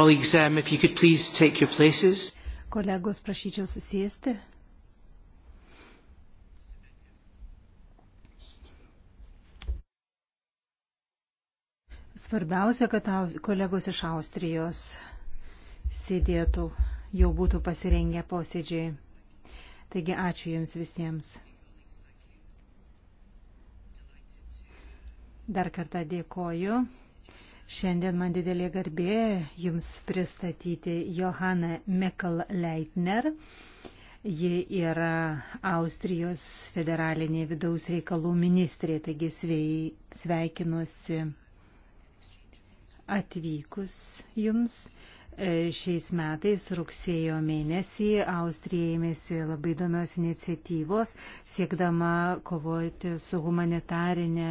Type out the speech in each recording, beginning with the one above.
Colleagues, um, if you could please take your places. Kolegos, prašyčiau susėsti. Svarbiausia, kad kolegos iš Austrijos sėdėtų, jau būtų pasirengę posėdžiai. Taigi ačiū Jums visiems. Dar kartą dėkoju. Šiandien man didelė garbė Jums pristatyti Johaną Mikl Leitner. Ji yra Austrijos federalinė vidaus reikalų ministrė, taigi sveikinuosi atvykus Jums. E, šiais metais rugsėjo mėnesį Austrija ėmėsi labai įdomios iniciatyvos, siekdama kovoti su humanitarinė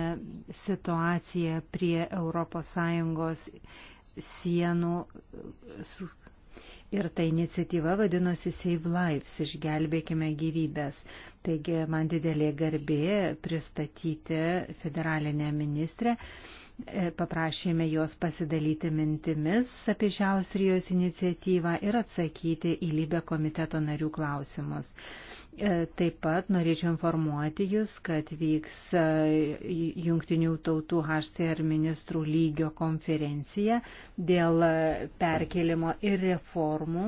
situacija prie ES sienų. Ir ta iniciatyva vadinosi Save Lives, išgelbėkime gyvybės. Taigi man didelė garbė pristatyti federalinę ministrę E, paprašėme juos pasidalyti mintimis apie šią Austrijos iniciatyvą ir atsakyti į Libę komiteto narių klausimus. E, taip pat norėčiau informuoti Jūs, kad vyks e, Junktinių tautų HCR ministrų lygio konferencija dėl perkelimo ir reformų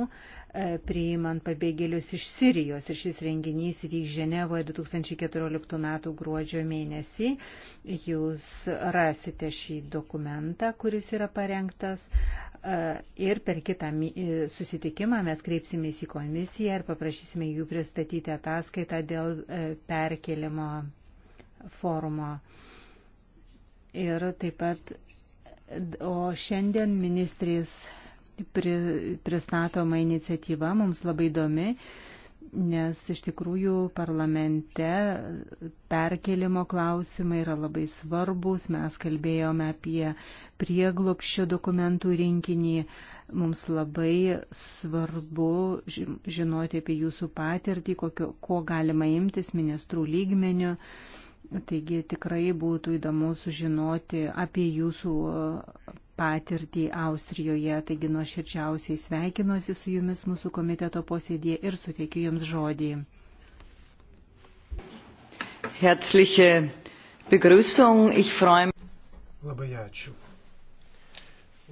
E, priimant pabėgėlius iš Sirijos. Ir šis renginys vyks Ženevoje 2014 m. gruodžio mėnesį. Jūs rasite šį dokumentą, kuris yra parengtas. E, ir per kitą e, susitikimą mes kreipsimės į komisiją ir paprašysime jų pristatyti ataskaitą dėl perkelimo forumo. Ir taip pat, o šiandien ministrės pristatoma iniciatyva mums labai įdomi, nes iš tikrųjų parlamente perkelimo klausimai yra labai svarbus. Mes kalbėjome apie prieglopščio dokumentų rinkinį. Mums labai svarbu žinoti apie jūsų patirtį, kokio, ko galima imtis ministrų lygmenių. Uh, Taigi tikrai būtų įdomu sužinoti apie jūsų e, patirtį Austrijoje. Taigi nuoširdžiausiai sveikinuosi su jumis mūsų komiteto posėdėje ir suteikiu jums žodį. Herzliche Begrüßung. Ich freue mich. Labai ačiū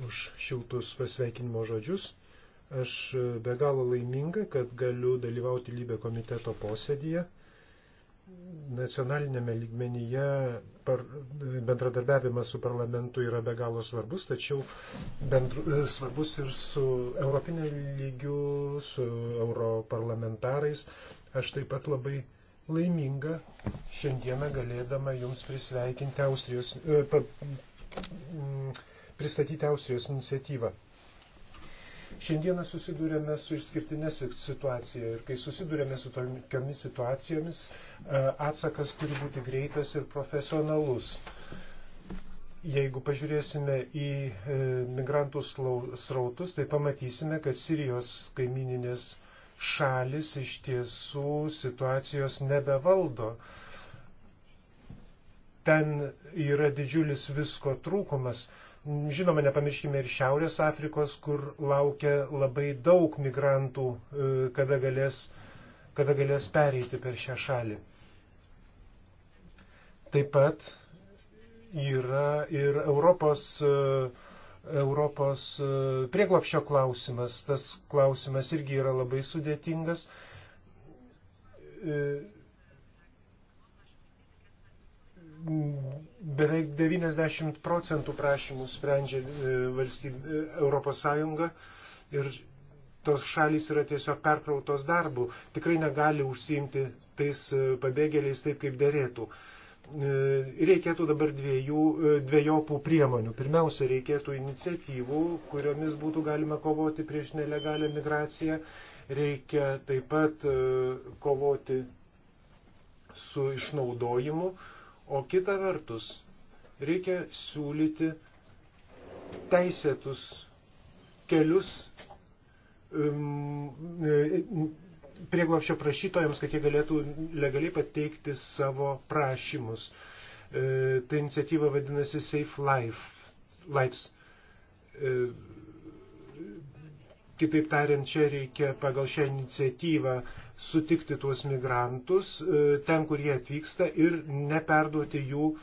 už šiltus pasveikinimo žodžius. Aš e, be galo laiminga, kad galiu dalyvauti lybė komiteto posėdėje nacionalinėme lygmenyje par, bendradarbiavimas su parlamentu yra be galo svarbus, tačiau bendru, e, svarbus ir su europinė lygiu, su europarlamentarais. Aš taip pat labai laiminga šiandieną galėdama Jums prisveikinti Austrijos, e, pa, pristatyti Austrijos iniciatyvą. Šiandieną susidūrėme su išskirtinė situacija ir kai susidūrėme su tokiamis situacijomis, e, atsakas turi būti greitas ir profesionalus. Jeigu pažiūrėsime į e, migrantų srautus, tai pamatysime, kad Sirijos kaimininės šalis iš tiesų situacijos nebevaldo. Ten yra didžiulis visko trūkumas. Žinoma, nepamirškime ir Šiaurės Afrikos, kur laukia labai daug migrantų, e, kada galės, kada galės pereiti per šią šalį. Taip pat yra ir Europos, e, Europos e, prieglopščio klausimas. Tas klausimas irgi yra labai sudėtingas beveik 90 procentų prašymų sprendžia e, valstybė, e, Europos Sąjunga ir tos šalys yra tiesiog perkrautos darbų, tikrai negali užsiimti tais e, pabėgėliais taip, kaip dėrėtų. Reikėtų dabar dviejų, dviejopų priemonių. Pirmiausia, reikėtų iniciatyvų, kuriomis būtų galima kovoti prieš nelegalią migraciją. Reikia taip pat kovoti su išnaudojimu, O kita vertus, reikia siūlyti teisėtus kelius um, e, prieglopščio prašytojams, kad jie galėtų legaliai pateikti savo prašymus. E, ta iniciatyva vadinasi Safe Life, Lives. E, Kitaip tariant, čia reikia pagal šią iniciatyvą sutikti tuos migrantus e, ten, kur jie atvyksta ir neperduoti jų e,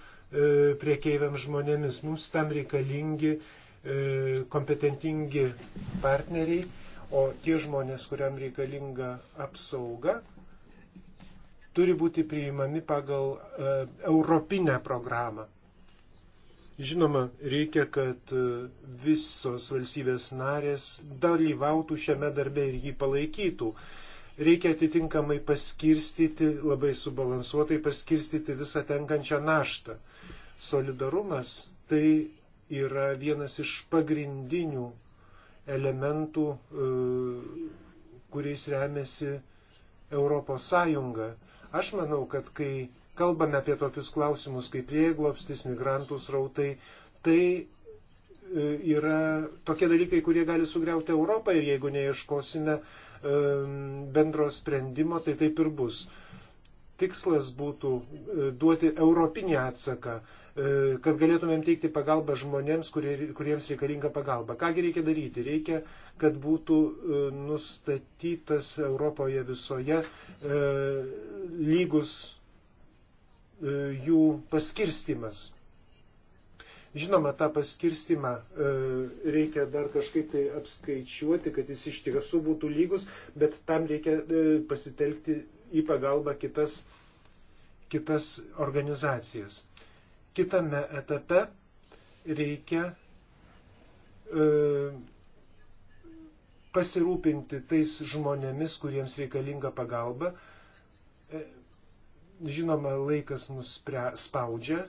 priekeiviams žmonėmis. Mums tam reikalingi e, kompetentingi partneriai, o tie žmonės, kuriam reikalinga apsauga, turi būti priimami pagal europinę programą. Žinoma, reikia, kad e, visos valstybės narės dalyvautų šiame darbe ir jį palaikytų. Reikia atitinkamai paskirstyti, labai subalansuotai paskirstyti visą tenkančią naštą. Solidarumas tai yra vienas iš pagrindinių elementų, e, kuriais remiasi Europos Sąjunga. Aš manau, kad kai kalbame apie tokius klausimus kaip prieglopstis, migrantų srautai, tai e, yra tokie dalykai, kurie gali sugriauti Europą ir jeigu neieškosime e, bendro sprendimo, tai taip ir bus. Tikslas būtų e, duoti europinį atsaką, kad galėtumėm teikti pagalbą žmonėms, kurie, kuriems reikalinga pagalba. Kągi reikia daryti? Reikia, kad būtų nustatytas Europoje visoje lygus E, jų paskirstimas. Žinoma, tą paskirstimą e, reikia dar kažkaip tai apskaičiuoti, kad jis iš tiesų būtų lygus, bet tam reikia e, pasitelkti į pagalbą kitas, kitas organizacijas. Kitame etape reikia pasirūpinti tais žmonėmis, kuriems reikalinga pagalba, Žinoma, laikas mus spaudžia,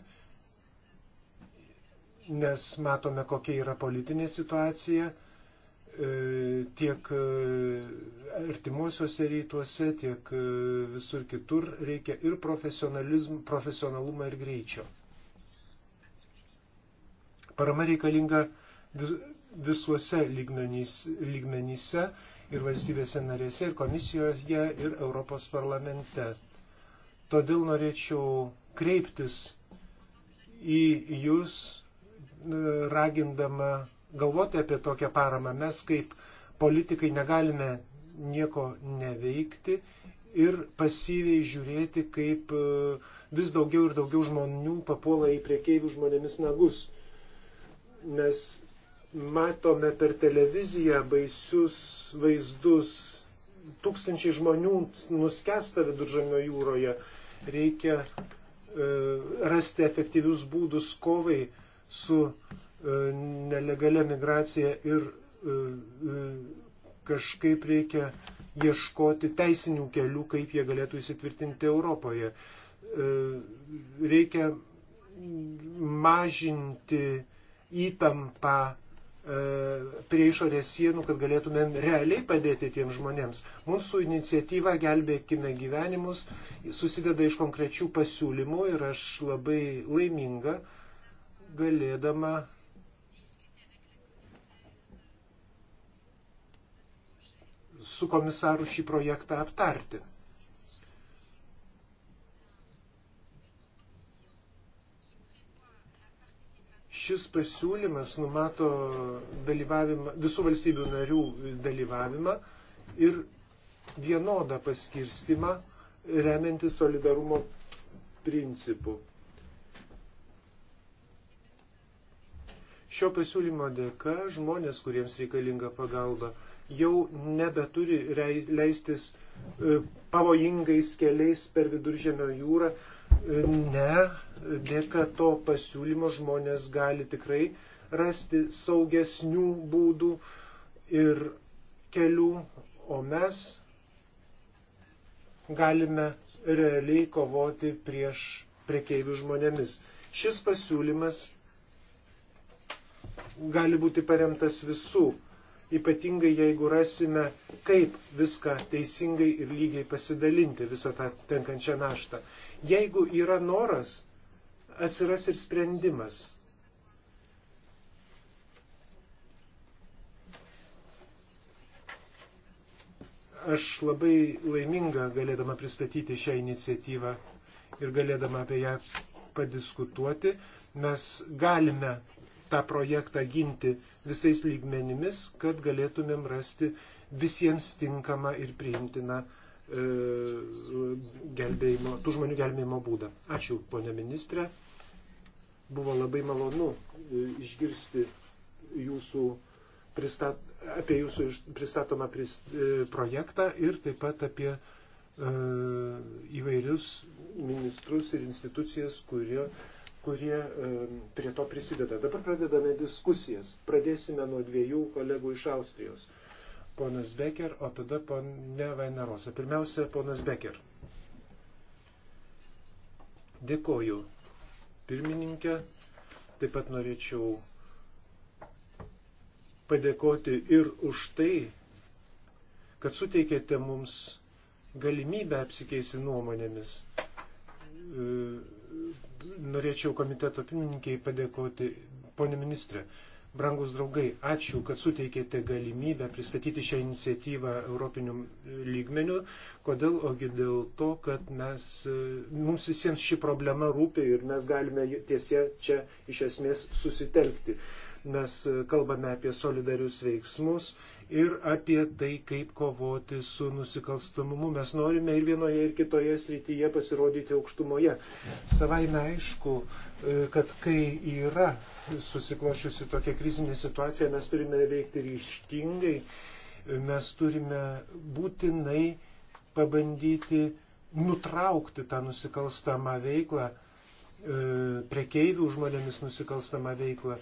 nes matome, kokia yra politinė situacija e, tiek e, artimuosiuose rytuose, tiek e, visur kitur reikia ir profesionalumą, ir greičio. Parama reikalinga visuose lygmenyse ir valstybėse narėse, ir komisijoje, ir Europos parlamente. Todėl norėčiau kreiptis į Jūs, e, ragindama galvoti apie tokią paramą. Mes kaip politikai negalime nieko neveikti ir pasyviai žiūrėti, kaip e, vis daugiau ir daugiau žmonių papuola į priekeivių žmonėmis nagus. Mes matome per televiziją baisius vaizdus, tūkstančiai žmonių nuskesta viduržamio jūroje, Reikia e, rasti efektyvius būdus kovai su e, nelegalia migracija ir e, kažkaip reikia ieškoti teisinių kelių, kaip jie galėtų įsitvirtinti Europoje. Reikia mažinti įtampą E, prie išorės sienų, kad galėtumėm realiai padėti tiems žmonėms. Mūsų iniciatyva Gelbėkime gyvenimus susideda iš konkrečių pasiūlymų ir aš labai laiminga galėdama su komisaru šį projektą aptarti. šis pasiūlymas numato visų valstybių narių dalyvavimą ir vienodą paskirstimą remiantis solidarumo principu. Šio pasiūlymo dėka žmonės, kuriems reikalinga pagalba, jau nebeturi leistis e, pavojingais keliais per viduržėmio jūrą, Ne, dėka to pasiūlymo žmonės gali tikrai rasti saugesnių būdų ir kelių, o mes galime realiai kovoti prieš prekeivių žmonėmis. Šis pasiūlymas gali būti paremtas visų, ypatingai jeigu rasime, kaip viską teisingai ir lygiai pasidalinti visą tą tenkančią naštą. Jeigu yra noras, atsiras ir sprendimas. Aš labai laiminga galėdama pristatyti šią iniciatyvą ir galėdama apie ją padiskutuoti. Mes galime tą projektą ginti visais lygmenimis, kad galėtumėm rasti visiems tinkamą ir priimtiną E, gelbėjimo, tų žmonių gelbėjimo būdą. Ačiū, ponė ministrė. Buvo labai malonu e, išgirsti jūsų pristat, apie jūsų pristatomą prist, e, projektą ir taip pat apie e, įvairius ministrus ir institucijas, kurie, kurie e, prie to prisideda. Dabar pradedame diskusijas. Pradėsime nuo dviejų kolegų iš Austrijos ponas Becker, o tada ponė Vainarosa. Pirmiausia, ponas Becker. Dėkoju pirmininkė. Taip pat norėčiau padėkoti ir už tai, kad suteikėte mums galimybę apsikeisti nuomonėmis. E, norėčiau komiteto pirmininkiai padėkoti, ponė ministrė, Brangus draugai, ačiū, kad suteikėte galimybę pristatyti šią iniciatyvą Europiniu lygmeniu. Kodėl? Ogi dėl to, kad mes, mums visiems ši problema rūpi ir mes galime tiesie čia iš esmės susitelkti. Mes kalbame apie solidarius veiksmus ir apie tai, kaip kovoti su nusikalstamumu. Mes norime ir vienoje, ir kitoje srityje pasirodyti aukštumoje. Savaime aišku, e, kad kai yra susiklošiusi tokia krizinė situacija, mes turime veikti ryštingai, mes turime būtinai pabandyti nutraukti tą nusikalstamą veiklą E, prekeivių žmonėmis nusikalstamą veiklą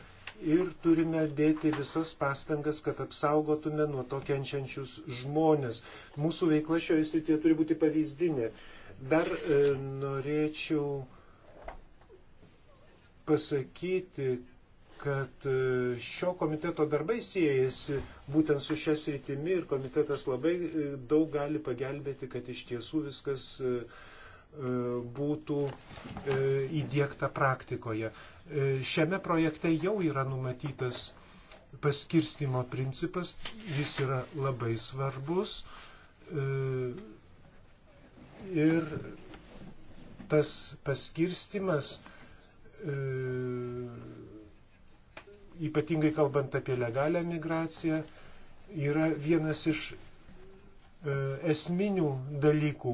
ir turime dėti visas pastangas, kad apsaugotume nuo to kenčiančius žmonės. Mūsų veikla šioje srityje turi būti pavyzdinė. Dar e, norėčiau pasakyti, kad e, šio komiteto darbai siejasi būtent su šia sritimi ir komitetas labai e, daug gali pagelbėti, kad iš tiesų viskas e, E, būtų e, įdėkta praktikoje. E, šiame projekte jau yra numatytas paskirstimo principas, jis yra labai svarbus ir tas paskirstimas, ypatingai kalbant apie legalią migraciją, yra vienas iš E, esminių dalykų.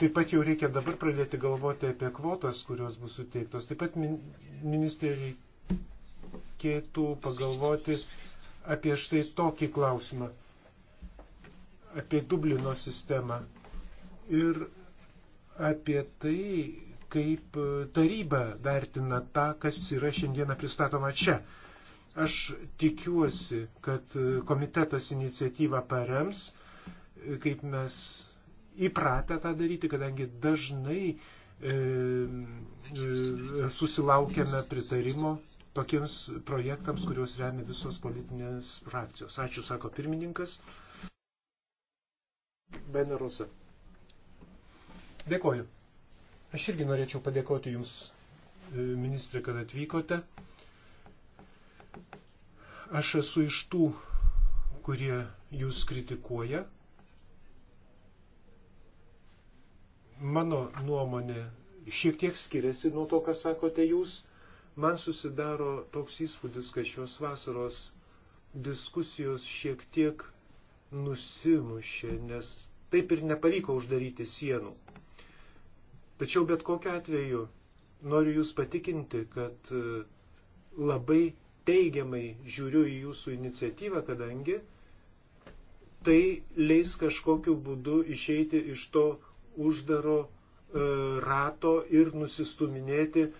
Taip pat jau reikia dabar pradėti galvoti apie kvotas, kurios bus suteiktos. Taip pat ministrė reikėtų pagalvoti apie štai tokį klausimą, apie Dublino sistemą ir apie tai, kaip taryba vertina tą, kas yra šiandieną pristatoma čia. Aš tikiuosi, kad komitetas iniciatyvą parems, kaip mes įpratę tą daryti, kadangi dažnai e, e, susilaukiame pritarimo tokiems projektams, kuriuos remia visos politinės frakcijos. Ačiū, sako pirmininkas. Benerusa. Dėkoju. Aš irgi norėčiau padėkoti Jums, e, ministrė, kad atvykote. Aš esu iš tų, kurie Jūs kritikuoja, mano nuomonė šiek tiek skiriasi nuo to, ką sakote jūs. Man susidaro toks įspūdis, kad šios vasaros diskusijos šiek tiek nusimušė, nes taip ir nepavyko uždaryti sienų. Tačiau bet kokiu atveju noriu Jūs patikinti, kad e, labai teigiamai žiūriu į Jūsų iniciatyvą, kadangi tai leis kažkokiu būdu išeiti iš to uždaro e, rato ir nusistuminėti e,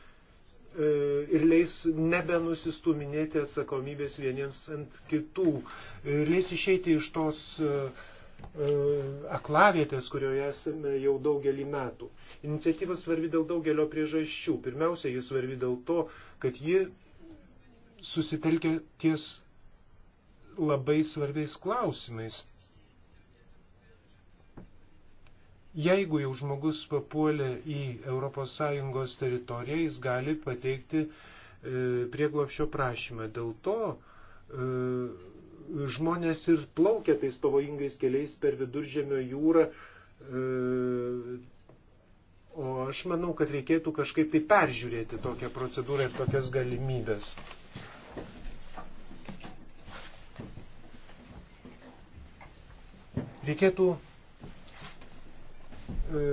ir leis nebenusistuminėti atsakomybės vieniems ant kitų. Leis išeiti iš tos e, aklavietės, kurioje esame jau daugelį metų. Iniciatyva svarbi dėl daugelio priežasčių. Pirmiausia, jis svarbi dėl to, kad ji susitelkia ties labai svarbiais klausimais. Jeigu jau žmogus papuolė į ES teritoriją, jis gali pateikti e, prieglopšio prašymą. Dėl to e, žmonės ir plaukia tais pavojingais keliais per viduržėmio jūrą. E, o aš manau, kad reikėtų kažkaip tai peržiūrėti tokią procedūrą ir tokias galimybės. Reikėtų E,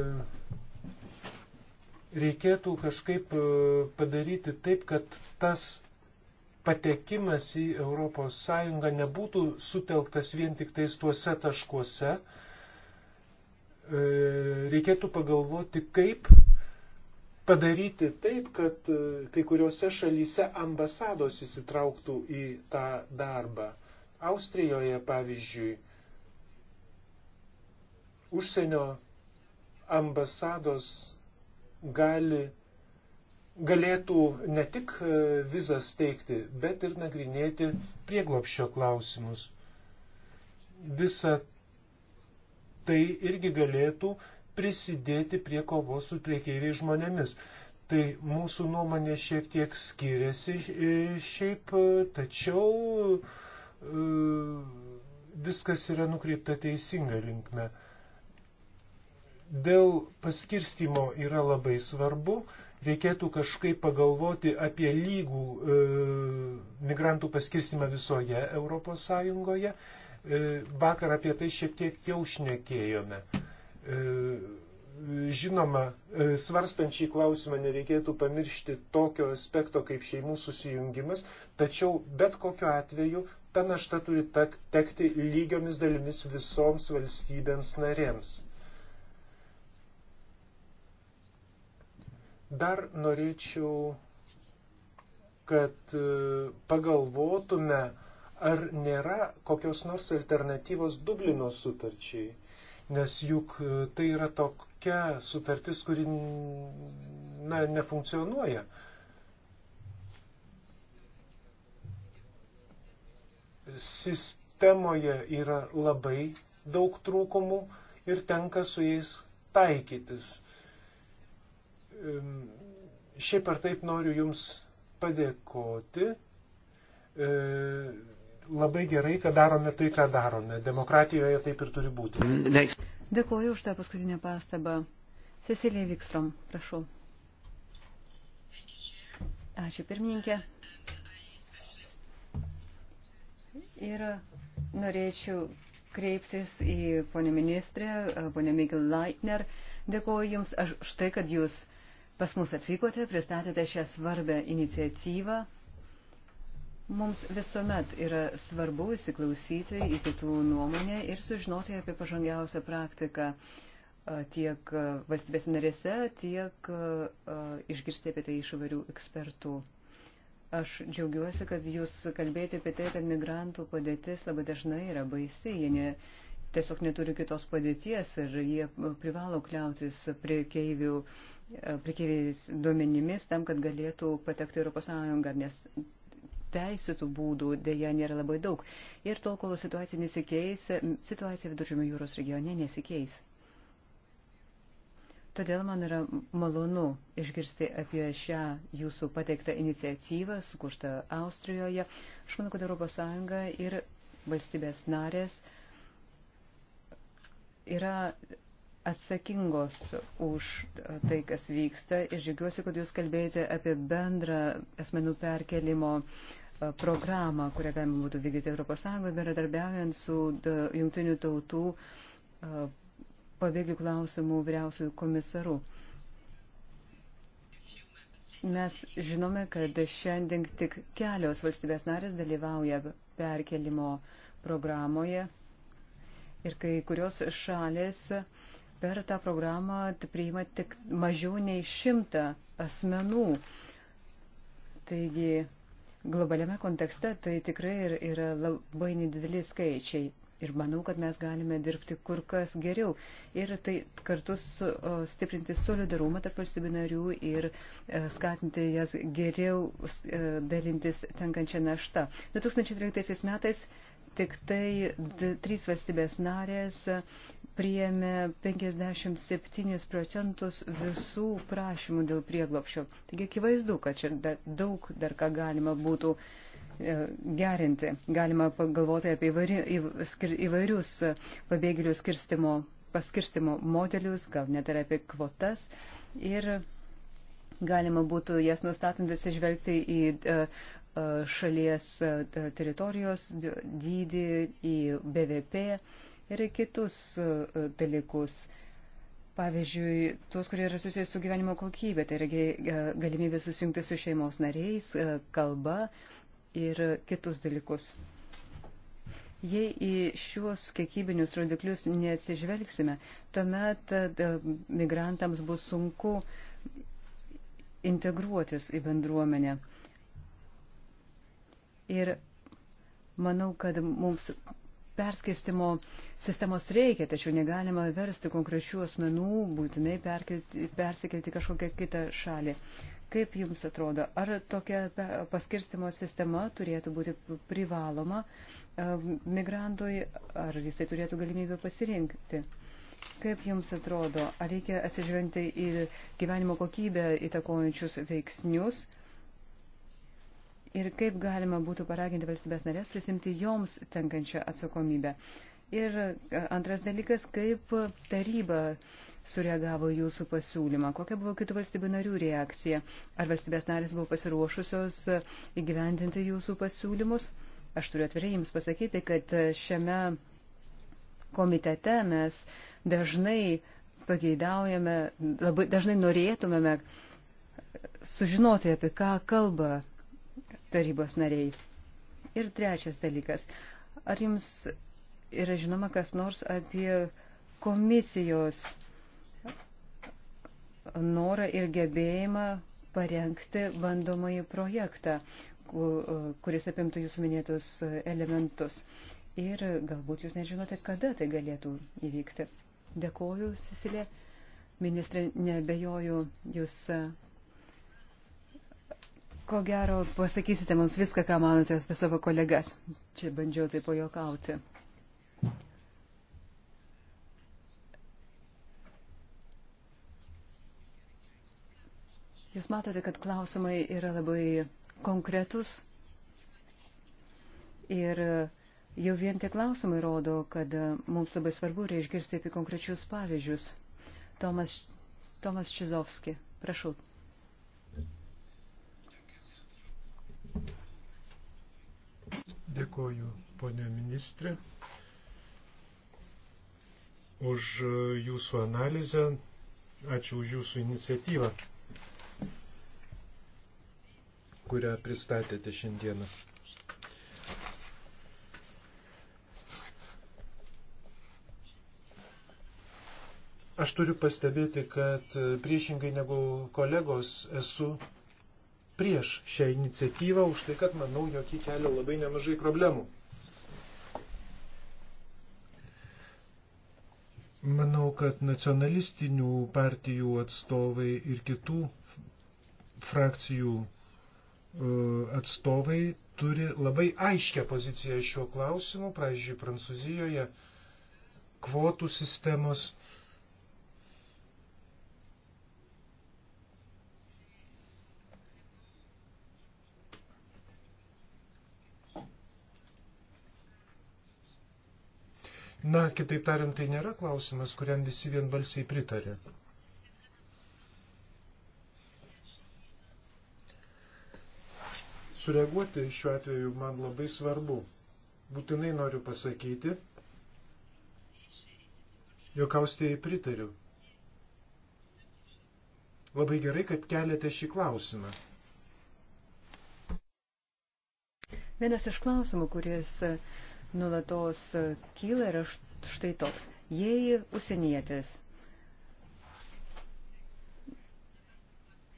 reikėtų kažkaip e, padaryti taip, kad tas patekimas į ES nebūtų sutelktas vien tik tais tuose taškuose. E, reikėtų pagalvoti, kaip padaryti taip, kad kai kuriuose šalyse ambasados įsitrauktų į tą darbą. Austrijoje, pavyzdžiui, užsienio ambasados gali, galėtų ne tik e, vizas teikti, bet ir nagrinėti prieglopščio klausimus. Visa tai irgi galėtų prisidėti prie kovos su priekeiviai žmonėmis. Tai mūsų nuomonė šiek tiek skiriasi e, šiaip, e, tačiau viskas yra nukreipta teisinga linkme dėl paskirstimo yra labai svarbu. Reikėtų kažkaip pagalvoti apie lygų e, migrantų paskirstimą visoje Europos Sąjungoje. E, vakar apie tai šiek tiek jau šnekėjome. E, žinoma, e, svarstant šį klausimą nereikėtų pamiršti tokio aspekto kaip šeimų susijungimas, tačiau bet kokiu atveju ta našta turi tekti lygiomis dalimis visoms valstybėms narėms. Dar norėčiau, kad e, pagalvotume, ar nėra kokios nors alternatyvos Dublino sutarčiai, nes juk e, tai yra tokia sutartis, kuri na, nefunkcionuoja. Sistemoje yra labai daug trūkumų ir tenka su jais taikytis. Šiaip ar taip noriu Jums padėkoti. E, labai gerai, kad darome tai, ką darome. Demokratijoje taip ir turi būti. Mm, Dėkuoju už tą paskutinę pastabą. Cecilija Vikstrom, prašau. Ačiū pirmininkė. Ir norėčiau kreiptis į ponę ministrę, ponę Mikil Leitner. Dėkuoju Jums aš štai, kad Jūs uh, pas mus atvykote, pristatėte šią svarbę iniciatyvą. Mums visuomet yra svarbu įsiklausyti į kitų nuomonę ir sužinoti apie pažangiausią praktiką tiek valstybės narėse, tiek išgirsti apie tai iš įvairių ekspertų. Aš džiaugiuosi, kad jūs kalbėjote apie tai, kad migrantų padėtis labai dažnai yra baisi, jie ne, tiesiog neturi kitos padėties ir jie privalo kliautis priekeiviais duomenimis tam, kad galėtų patekti Europos Sąjungą, nes teisėtų būdų dėja nėra labai daug. Ir tol, kol situacija nesikeis, situacija viduržėmio jūros regione nesikeis. Todėl man yra malonu išgirsti apie šią jūsų pateiktą iniciatyvą, sukurtą Austrijoje. Aš manau, kad ES ir valstybės narės uh, yra atsakingos už tai, kas vyksta ir žiūriuosi, kad jūs kalbėjote apie bendrą asmenų perkelimo e, programą, kurią galima būtų vykdyti ES, bendradarbiaujant su e, jungtinių tautų e, pabėgių klausimų vyriausiųjų komisarų. Mes žinome, kad šiandien tik kelios valstybės narės dalyvauja perkelimo programoje Ir kai kurios šalis per tą programą priima tik mažiau nei šimtą asmenų. Taigi globaliame kontekste tai tikrai yra labai nedideli skaičiai. Ir manau, kad mes galime dirbti kur kas geriau. Ir tai kartu su, o, stiprinti solidarumą tarp valstybių narių ir e, skatinti jas geriau e, dalintis tenkančią naštą. 2013 metais tik tai trys valstybės narės priėmė 57 procentus visų prašymų dėl prieglopšio. Taigi akivaizdu, kad čia daug dar ką galima būtų e, gerinti. Galima pagalvoti apie įvairius pabėgėlių skirstimo, paskirstimo modelius, gal net ir apie kvotas. Ir galima būtų jas nustatant atsižvelgti į e, E, šalies e, teritorijos dydį, į BVP ir į kitus e, dalykus. Pavyzdžiui, tuos, kurie yra susijęs su gyvenimo kokybė, tai yra galimybė susijungti su šeimos nariais, kalba ir kitus dalykus. Jei į šiuos kiekybinius rodiklius neatsižvelgsime, tuomet migrantams bus sunku integruotis į bendruomenę. Ir manau, kad mums perskirstimo sistemos reikia, tačiau negalima versti konkrečių asmenų būtinai persikelti kažkokią kitą šalį. Kaip Jums atrodo, ar tokia paskirstimo sistema turėtų būti privaloma e, migrantui, ar jisai turėtų galimybę pasirinkti? Kaip Jums atrodo, ar reikia atsižvengti į gyvenimo kokybę įtakojančius veiksnius? Uh, ir kaip galima būtų paraginti valstybės narės prisimti joms tenkančią atsakomybę. Ir e, antras dalykas, kaip taryba sureagavo jūsų pasiūlymą, kokia buvo kitų valstybių narių reakcija, ar valstybės narės buvo pasiruošusios e, įgyvendinti jūsų pasiūlymus. Aš turiu atvirai jums pasakyti, kad e, šiame komitete mes dažnai pageidaujame, labai dažnai norėtumėme sužinoti, apie ką kalba tarybos nariai. Ir trečias dalykas. Ar jums yra žinoma kas nors apie komisijos norą ir gebėjimą parengti bandomąjį projektą, kuris apimtų jūsų minėtus elementus. Ir galbūt jūs nežinote, kada tai galėtų įvykti. Dėkoju, Sisilė. Ministrė, nebejoju, jūs Ko gero, pasakysite mums viską, ką manote apie savo kolegas. Čia bandžiau taip pajokauti. Jūs matote, kad klausimai yra labai konkretus ir jau vien tie klausimai rodo, kad mums labai svarbu yra išgirsti apie konkrečius pavyzdžius. Tomas, Tomas Čizovski, prašau. Dėkoju, ponė ministrė, už e, jūsų analizę. Ačiū už jūsų iniciatyvą, kurią pristatėte šiandieną. Aš turiu pastebėti, kad e, priešingai negu kolegos esu prieš šią iniciatyvą už tai, kad manau, jog ji kelia labai nemažai problemų. Manau, kad nacionalistinių partijų atstovai ir kitų frakcijų e, atstovai turi labai aiškę poziciją šiuo klausimu. Pavyzdžiui, Prancūzijoje kvotų sistemos Na, kitaip tariant, tai nėra klausimas, kuriam visi vienbalsiai pritarė. Sureaguoti šiuo atveju man labai svarbu. Būtinai noriu pasakyti, jog Austrijai pritariu. Labai gerai, kad keliate šį klausimą. Vienas iš klausimų, kuris uh, nulatos kyla yra štai toks. Jei užsienietis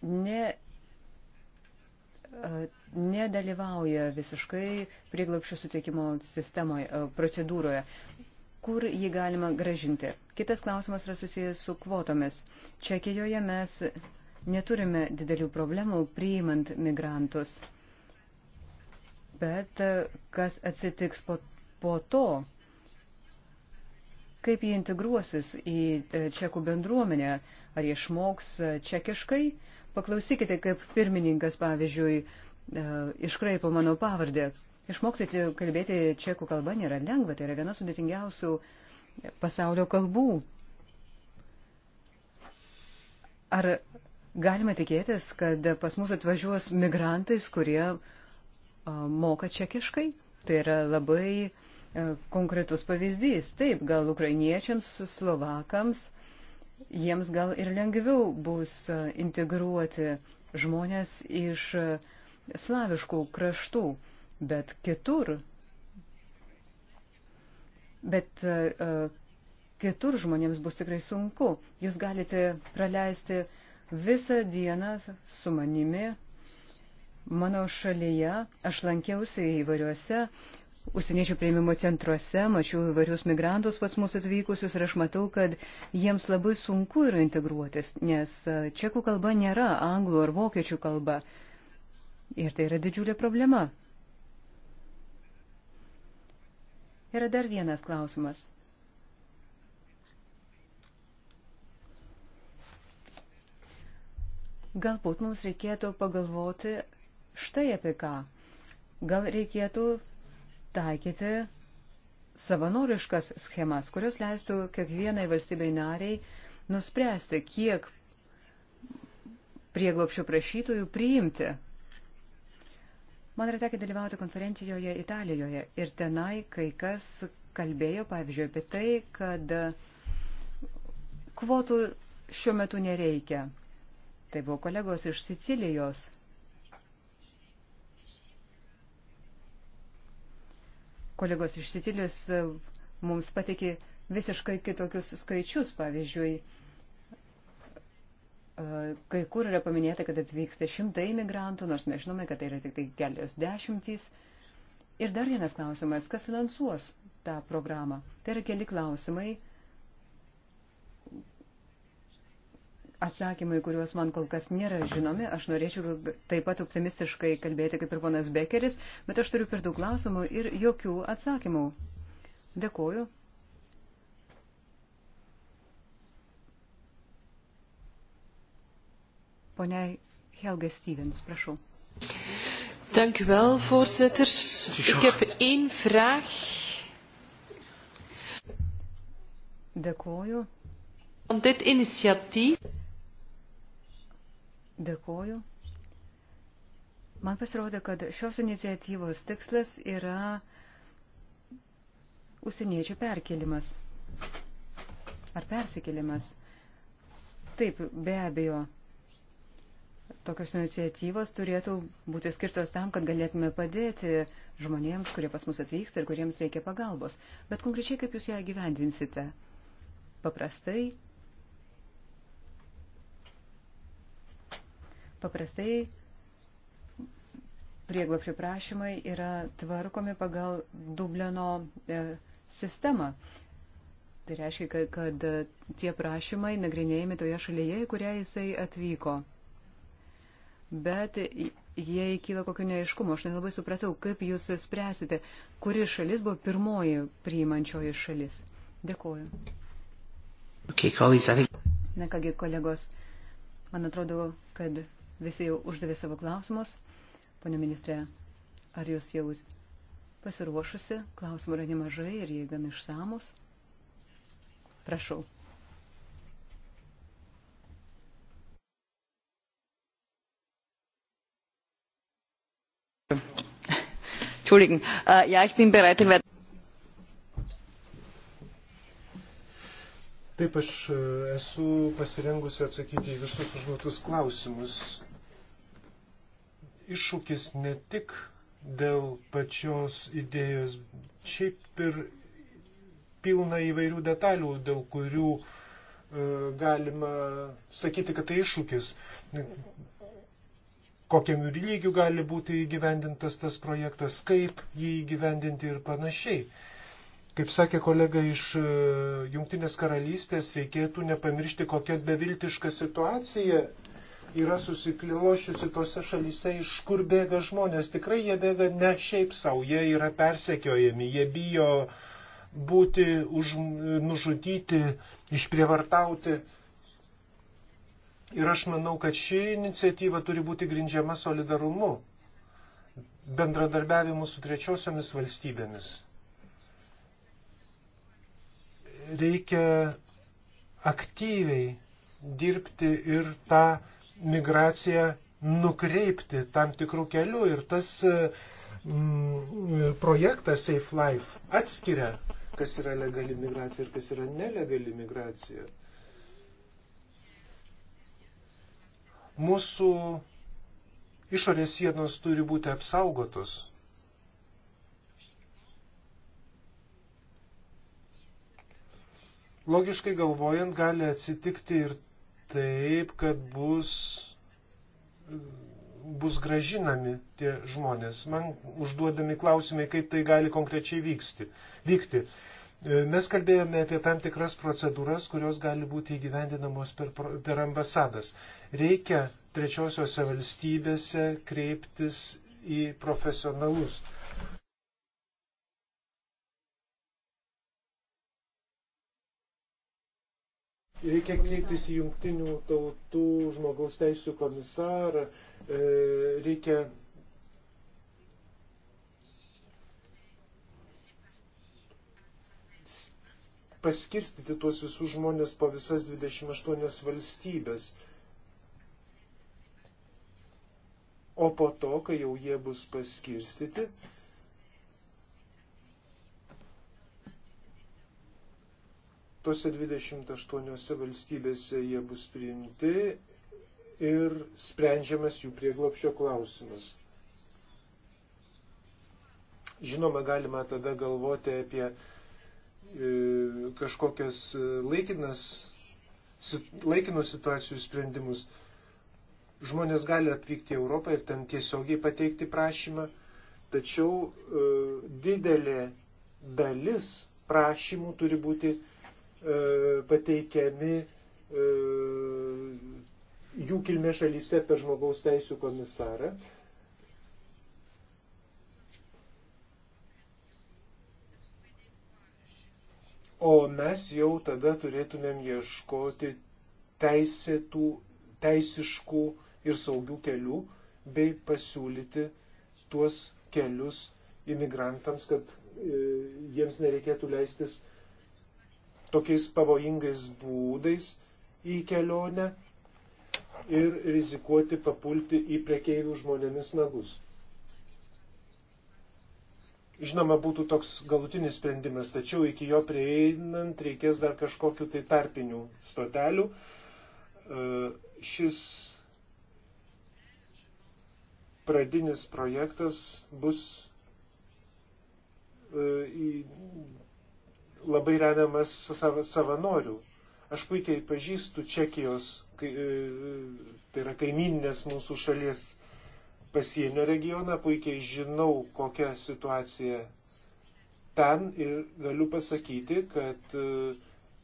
ne, nedalyvauja visiškai prieglapščio suteikimo sistemoje, procedūroje, kur jį galima gražinti. Kitas klausimas yra susijęs su kvotomis. Čekijoje mes neturime didelių problemų priimant migrantus. Bet kas atsitiks po po to, kaip jie integruosis į e, čekų bendruomenę, ar jie išmoks e, čekiškai. Paklausykite, kaip pirmininkas, pavyzdžiui, e, iškraipo mano pavardę. Išmokti kalbėti čekų kalbą nėra lengva, tai yra viena sudėtingiausių pasaulio kalbų. Ar galima tikėtis, kad pas mus atvažiuos migrantais, kurie moka čekiškai? Tai yra labai uh, E, konkretus pavyzdys. Taip, gal ukrainiečiams, slovakams, jiems gal ir lengviau bus e, integruoti žmonės iš e, slaviškų kraštų, bet kitur. Bet kitur žmonėms bus tikrai sunku. Jūs galite praleisti visą dieną su manimi mano šalyje. Aš lankiausi įvairiuose užsieniečių prieimimo centruose, mačiau įvairius migrantus pas mus atvykusius ir aš matau, kad jiems labai sunku yra integruotis, nes e, čekų kalba nėra anglų ar vokiečių kalba. Ir tai yra didžiulė problema. Yra dar vienas klausimas. Galbūt mums reikėtų pagalvoti štai apie ką. Gal reikėtų taikyti savanoriškas schemas, kurios leistų kiekvienai valstybei nariai nuspręsti, kiek prieglopšio prašytojų priimti. Man yra tekę dalyvauti konferencijoje Italijoje ir tenai kai kas kalbėjo, pavyzdžiui, apie tai, kad kvotų šiuo metu nereikia. Tai buvo kolegos iš Sicilijos Kolegos iš Sicilijos e, mums patikė visiškai kitokius skaičius. Pavyzdžiui, e, kai kur yra paminėta, kad atvyksta šimtai imigrantų, nors mes žinome, kad tai yra tik tai kelios dešimtys. Ir dar vienas klausimas, kas finansuos tą programą? Tai yra keli klausimai, atsakymai, kuriuos man kol kas nėra žinomi. Aš norėčiau taip pat optimistiškai kalbėti kaip ir ponas Bekeris, bet aš turiu per daug klausimų ir jokių atsakymų. Dėkuoju. Poniai Helge Stevens, prašau. Dank u wel, voorzitter. Ik heb één vraag. Dėkuoju. Dit initiatief. Dėkuoju. Man pasirodė, kad šios iniciatyvos tikslas yra užsieniečių perkelimas ar persikelimas. Taip, be abejo, tokios iniciatyvos turėtų būti skirtos tam, kad galėtume padėti žmonėms, kurie pas mus atvyksta ir kuriems reikia pagalbos. Bet konkrečiai, kaip jūs ją gyvendinsite? Paprastai Paprastai prieglopšio prašymai yra tvarkomi pagal Dublino e, sistemą. Tai reiškia, kad e, tie prašymai nagrinėjami toje šalyje, į kurią jisai atvyko. Bet jei kyla kokio neaiškumo, aš nelabai supratau, kaip jūs spręsite, kuri šalis buvo pirmoji priimančioji šalis. Dėkuoju. Okay, colleagues, I think... Na kągi, kolegos, man atrodo, kad Visi jau uždavė savo klausimus. Pone ministrė, ar jūs jau pasiruošusi? Klausimų yra nemažai ir jie gan išsamus. Prašau. Entschuldigen. Äh, ja, ich bin bereit, den Taip aš e, esu pasirengusi atsakyti į visus užduotus klausimus. Iššūkis ne tik dėl pačios idėjos, šiaip ir pilna įvairių detalių, dėl kurių e, galima sakyti, kad tai iššūkis. Kokiam lygiu gali būti įgyvendintas tas projektas, kaip jį įgyvendinti ir panašiai. E, Kaip sakė kolega iš e, Junktinės karalystės, reikėtų nepamiršti, kokia beviltiška situacija yra susiklilošiusi tose šalyse, iš kur bėga žmonės. Tikrai jie bėga ne šiaip savo, jie yra persekiojami, jie bijo būti už, nužudyti, išprievartauti. Ir aš manau, kad ši iniciatyva turi būti grindžiama solidarumu, bendradarbiavimu su trečiosiomis valstybėmis reikia aktyviai dirbti ir tą migraciją nukreipti tam tikrų kelių. Ir tas mm, projektas Safe Life atskiria, kas yra legali migracija ir kas yra nelegali migracija. Mūsų išorės sienos turi būti apsaugotos. Logiškai galvojant, gali atsitikti ir taip, kad bus, bus gražinami tie žmonės. Man užduodami klausimai, kaip tai gali konkrečiai vyksti, vykti. E, mes kalbėjome apie tam tikras procedūras, kurios gali būti įgyvendinamos per, per ambasadas. Reikia trečiosiose valstybėse kreiptis į profesionalus Reikia kreiptis į jungtinių tautų žmogaus teisų komisarą, e, reikia paskirstyti tuos visus žmonės po visas 28 valstybės. O po to, kai jau jie bus paskirstyti, Tose 28 valstybėse jie bus priimti ir sprendžiamas jų prieglopščio klausimas. Žinoma, galima tada galvoti apie e, kažkokias laikinas, laikinų situacijų sprendimus. Žmonės gali atvykti į Europą ir ten tiesiogiai pateikti prašymą, tačiau e, didelė dalis prašymų turi būti E, pateikiami e, jų kilmė šalyse per žmogaus teisų komisarą. O mes jau tada turėtumėm ieškoti teisėtų, teisiškų ir saugių kelių, bei pasiūlyti tuos kelius imigrantams, kad e, jiems nereikėtų leistis tokiais pavojingais būdais į kelionę ir rizikuoti papulti į prekeivių žmonėmis nagus. Žinoma, būtų toks galutinis sprendimas, tačiau iki jo prieinant reikės dar kažkokiu tai tarpinių stotelių. E, šis pradinis projektas bus e, labai remiamas savanorių. Aš puikiai pažįstu Čekijos, e, tai yra kaimininės mūsų šalies pasienio regioną, puikiai žinau, kokia situacija ten ir galiu pasakyti, kad e,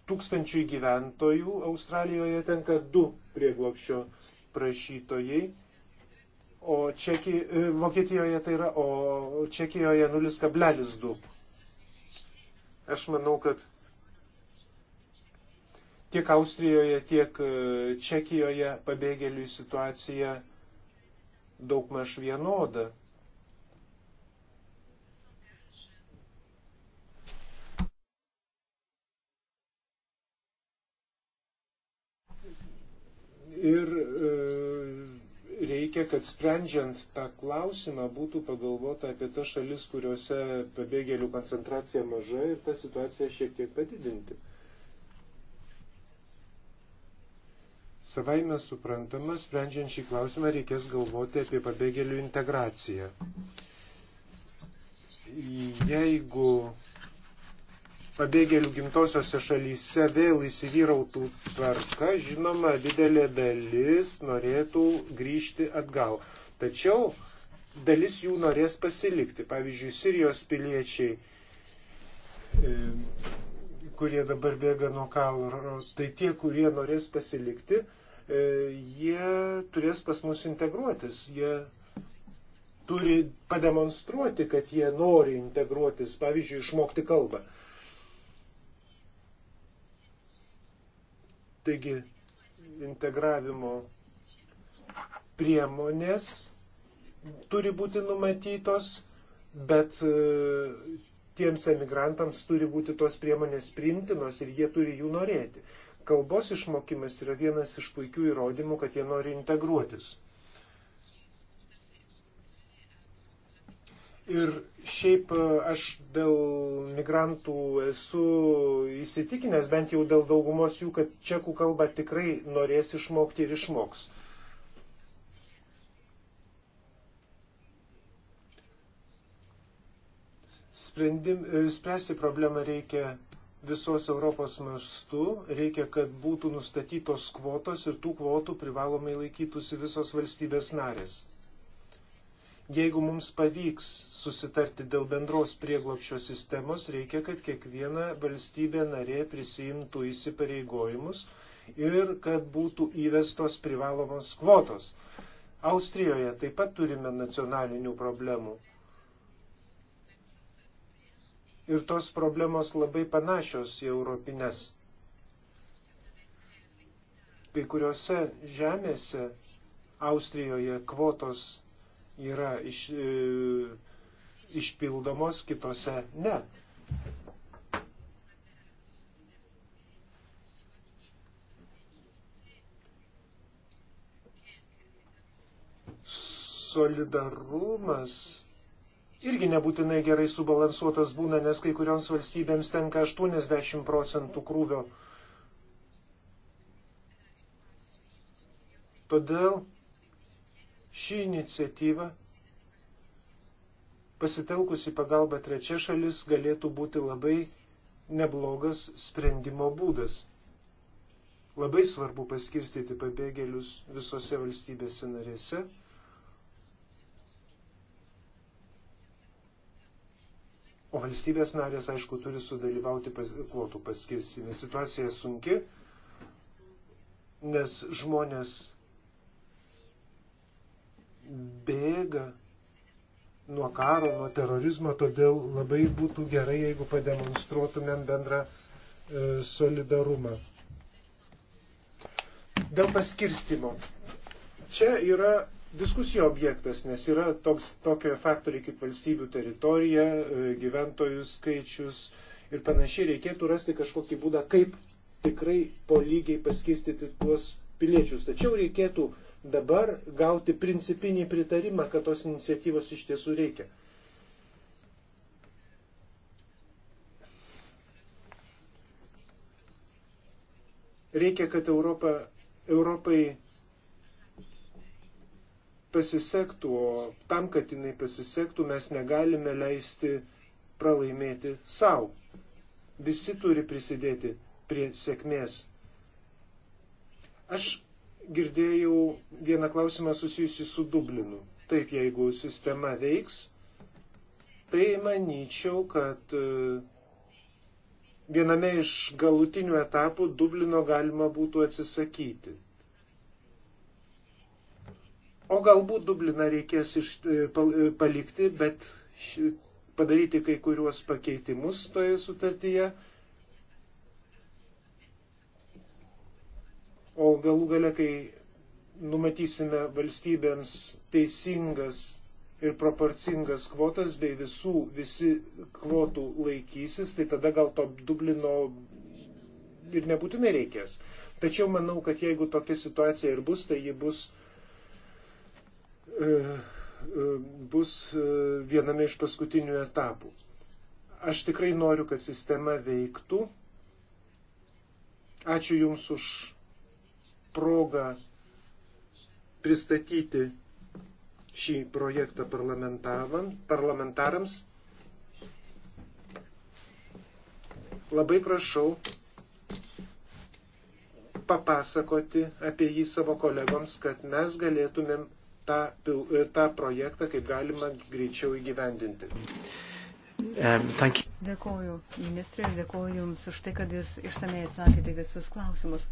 tūkstančių gyventojų Australijoje tenka du prieglopščio prašytojai, o Čeki, e, Vokietijoje tai yra, o Čekijoje 0,2. Aš manau, kad tiek Austrijoje, tiek e, Čekijoje pabėgėlių situacija daugmaž vienoda. Ir e, reikia, kad sprendžiant tą klausimą būtų pagalvota apie tas šalis, kuriuose pabėgėlių koncentracija maža ir tą situaciją šiek tiek padidinti. Savaime suprantama, sprendžiant šį klausimą reikės galvoti apie pabėgėlių integraciją. Jeigu pabėgėlių gimtosiose šalyse vėl įsivyrautų tvarka, žinoma, didelė dalis norėtų grįžti atgal. Tačiau dalis jų norės pasilikti. Pavyzdžiui, Sirijos piliečiai, e, kurie dabar bėga nuo kalno, tai tie, kurie norės pasilikti, e, jie turės pas mus integruotis. Jie turi pademonstruoti, kad jie nori integruotis, pavyzdžiui, išmokti kalbą. Taigi integravimo priemonės turi būti numatytos, bet e, tiems emigrantams turi būti tos priemonės priimtinos ir jie turi jų norėti. Kalbos išmokimas yra vienas iš puikių įrodymų, kad jie nori integruotis. Ir šiaip e, aš dėl migrantų esu įsitikinęs, bent jau dėl daugumos jų, kad čekų kalbą tikrai norės išmokti ir išmoks. Sprendim, e, spręsti problemą reikia visos Europos mastu, reikia, kad būtų nustatytos kvotos ir tų kvotų privalomai laikytųsi visos valstybės narės. Jeigu mums pavyks susitarti dėl bendros prieglopščio sistemos, reikia, kad kiekviena valstybė narė prisijimtų įsipareigojimus ir kad būtų įvestos privalomos kvotos. Austrijoje taip pat turime nacionalinių problemų. Ir tos problemos labai panašios į europines. Kai kuriuose žemėse Austrijoje kvotos yra iš, e, išpildomos, kitose ne. Solidarumas irgi nebūtinai gerai subalansuotas būna, nes kai kurioms valstybėms tenka 80 procentų krūvio. Todėl Ši iniciatyva pasitelkusi pagalba trečia šalis galėtų būti labai neblogas sprendimo būdas. Labai svarbu paskirstyti pabėgėlius visose valstybėse narėse. O valstybės narės, aišku, turi sudalyvauti pas, kvotų paskirstymė. Situacija sunki, nes žmonės bėga nuo karo, nuo terorizmo, todėl labai būtų gerai, jeigu pademonstruotumėm bendrą e, solidarumą. Dėl paskirstimo. Čia yra diskusijų objektas, nes yra toks, tokie faktoriai kaip valstybių teritorija, e, gyventojų skaičius ir panašiai reikėtų rasti kažkokį būdą, kaip tikrai po lygiai paskirstyti tuos piliečius. Tačiau reikėtų uh, dabar gauti principinį pritarimą, kad tos iniciatyvos iš tiesų reikia. Reikia, kad Europa, Europai pasisektų, o tam, kad jinai pasisektų, mes negalime leisti pralaimėti savo. Visi turi prisidėti prie sėkmės. Aš girdėjau vieną klausimą susijusi su Dublinu. Taip, jeigu sistema veiks, tai manyčiau, kad e, viename iš galutinių etapų Dublino galima būtų atsisakyti. O galbūt Dubliną reikės iš, e, e, palikti, bet padaryti kai kuriuos pakeitimus toje sutartyje O galų gale, kai numatysime valstybėms teisingas ir proporcingas kvotas bei visų, visi kvotų laikysis, tai tada gal to Dublino ir nebūtinai reikės. Tačiau manau, kad jeigu tokia situacija ir bus, tai ji bus, e, e, bus e, viename iš paskutinių etapų. Aš tikrai noriu, kad sistema veiktų. Ačiū Jums už progą pristatyti šį projektą parlamentarams. Labai prašau papasakoti apie jį savo kolegoms, kad mes galėtumėm tą, tą projektą kaip galima greičiau įgyvendinti. Um, dėkoju ministrė ir dėkoju Jums už tai, kad Jūs išsamei atsakėte visus klausimus.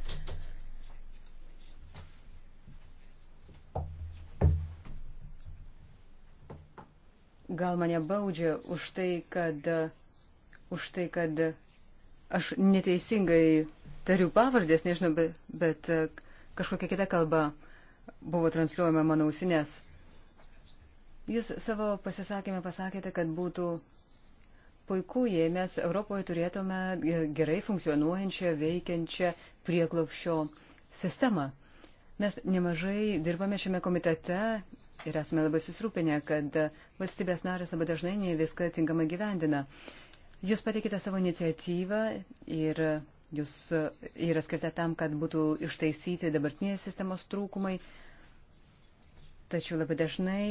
gal mane baudžia už tai, kad, už tai, kad aš neteisingai tariu pavardės, nežinau, bet, bet kažkokia kita kalba buvo transliuojama mano ausinės. Jūs savo pasisakymę pasakėte, kad būtų puiku, jei mes Europoje turėtume gerai funkcionuojančią, veikiančią prieklopšio sistemą. Mes nemažai dirbame šiame komitete Ir esame labai susirūpinę, kad valstybės narės labai dažnai ne viską tinkamai gyvendina. Jūs pateikite savo iniciatyvą ir jūs yra skirta tam, kad būtų ištaisyti dabartinės sistemos trūkumai. Tačiau labai dažnai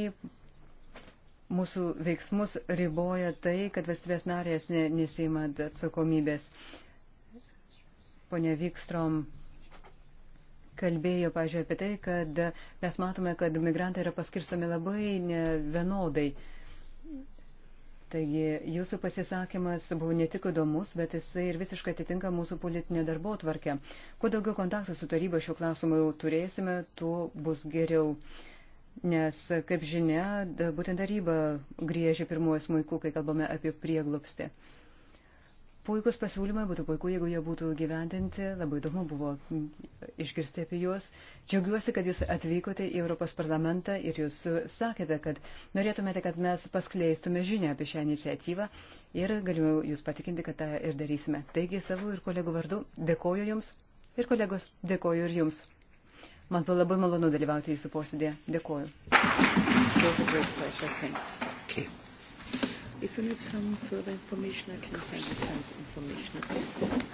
mūsų veiksmus riboja tai, kad valstybės narės nesima atsakomybės. Pone Vikstrom, kalbėjo, pažiūrėjau, apie tai, kad mes matome, kad migrantai yra paskirstomi labai vienodai. Taigi jūsų pasisakymas buvo ne tik įdomus, bet jisai ir visiškai atitinka mūsų politinę darbo tvarkę. Kuo daugiau kontaktų su taryba šiuo klausimu turėsime, tuo bus geriau. Nes, kaip žinia, būtent taryba griežia pirmuoju smūku, kai kalbame apie prieglopstį. Puikus pasiūlymai būtų puiku, jeigu jie būtų gyventinti. Labai įdomu buvo išgirsti apie juos. Džiaugiuosi, kad jūs atvykote į Europos parlamentą ir jūs sakėte, kad norėtumėte, kad mes paskleistume žinę apie šią iniciatyvą ir galiu jūs patikinti, kad tą ir darysime. Taigi savo ir kolegų vardu dėkoju jums ir kolegos dėkoju ir jums. Man buvo labai malonu dalyvauti jūsų posėdėje. Dėkoju. If you need some further information, I can send you some information.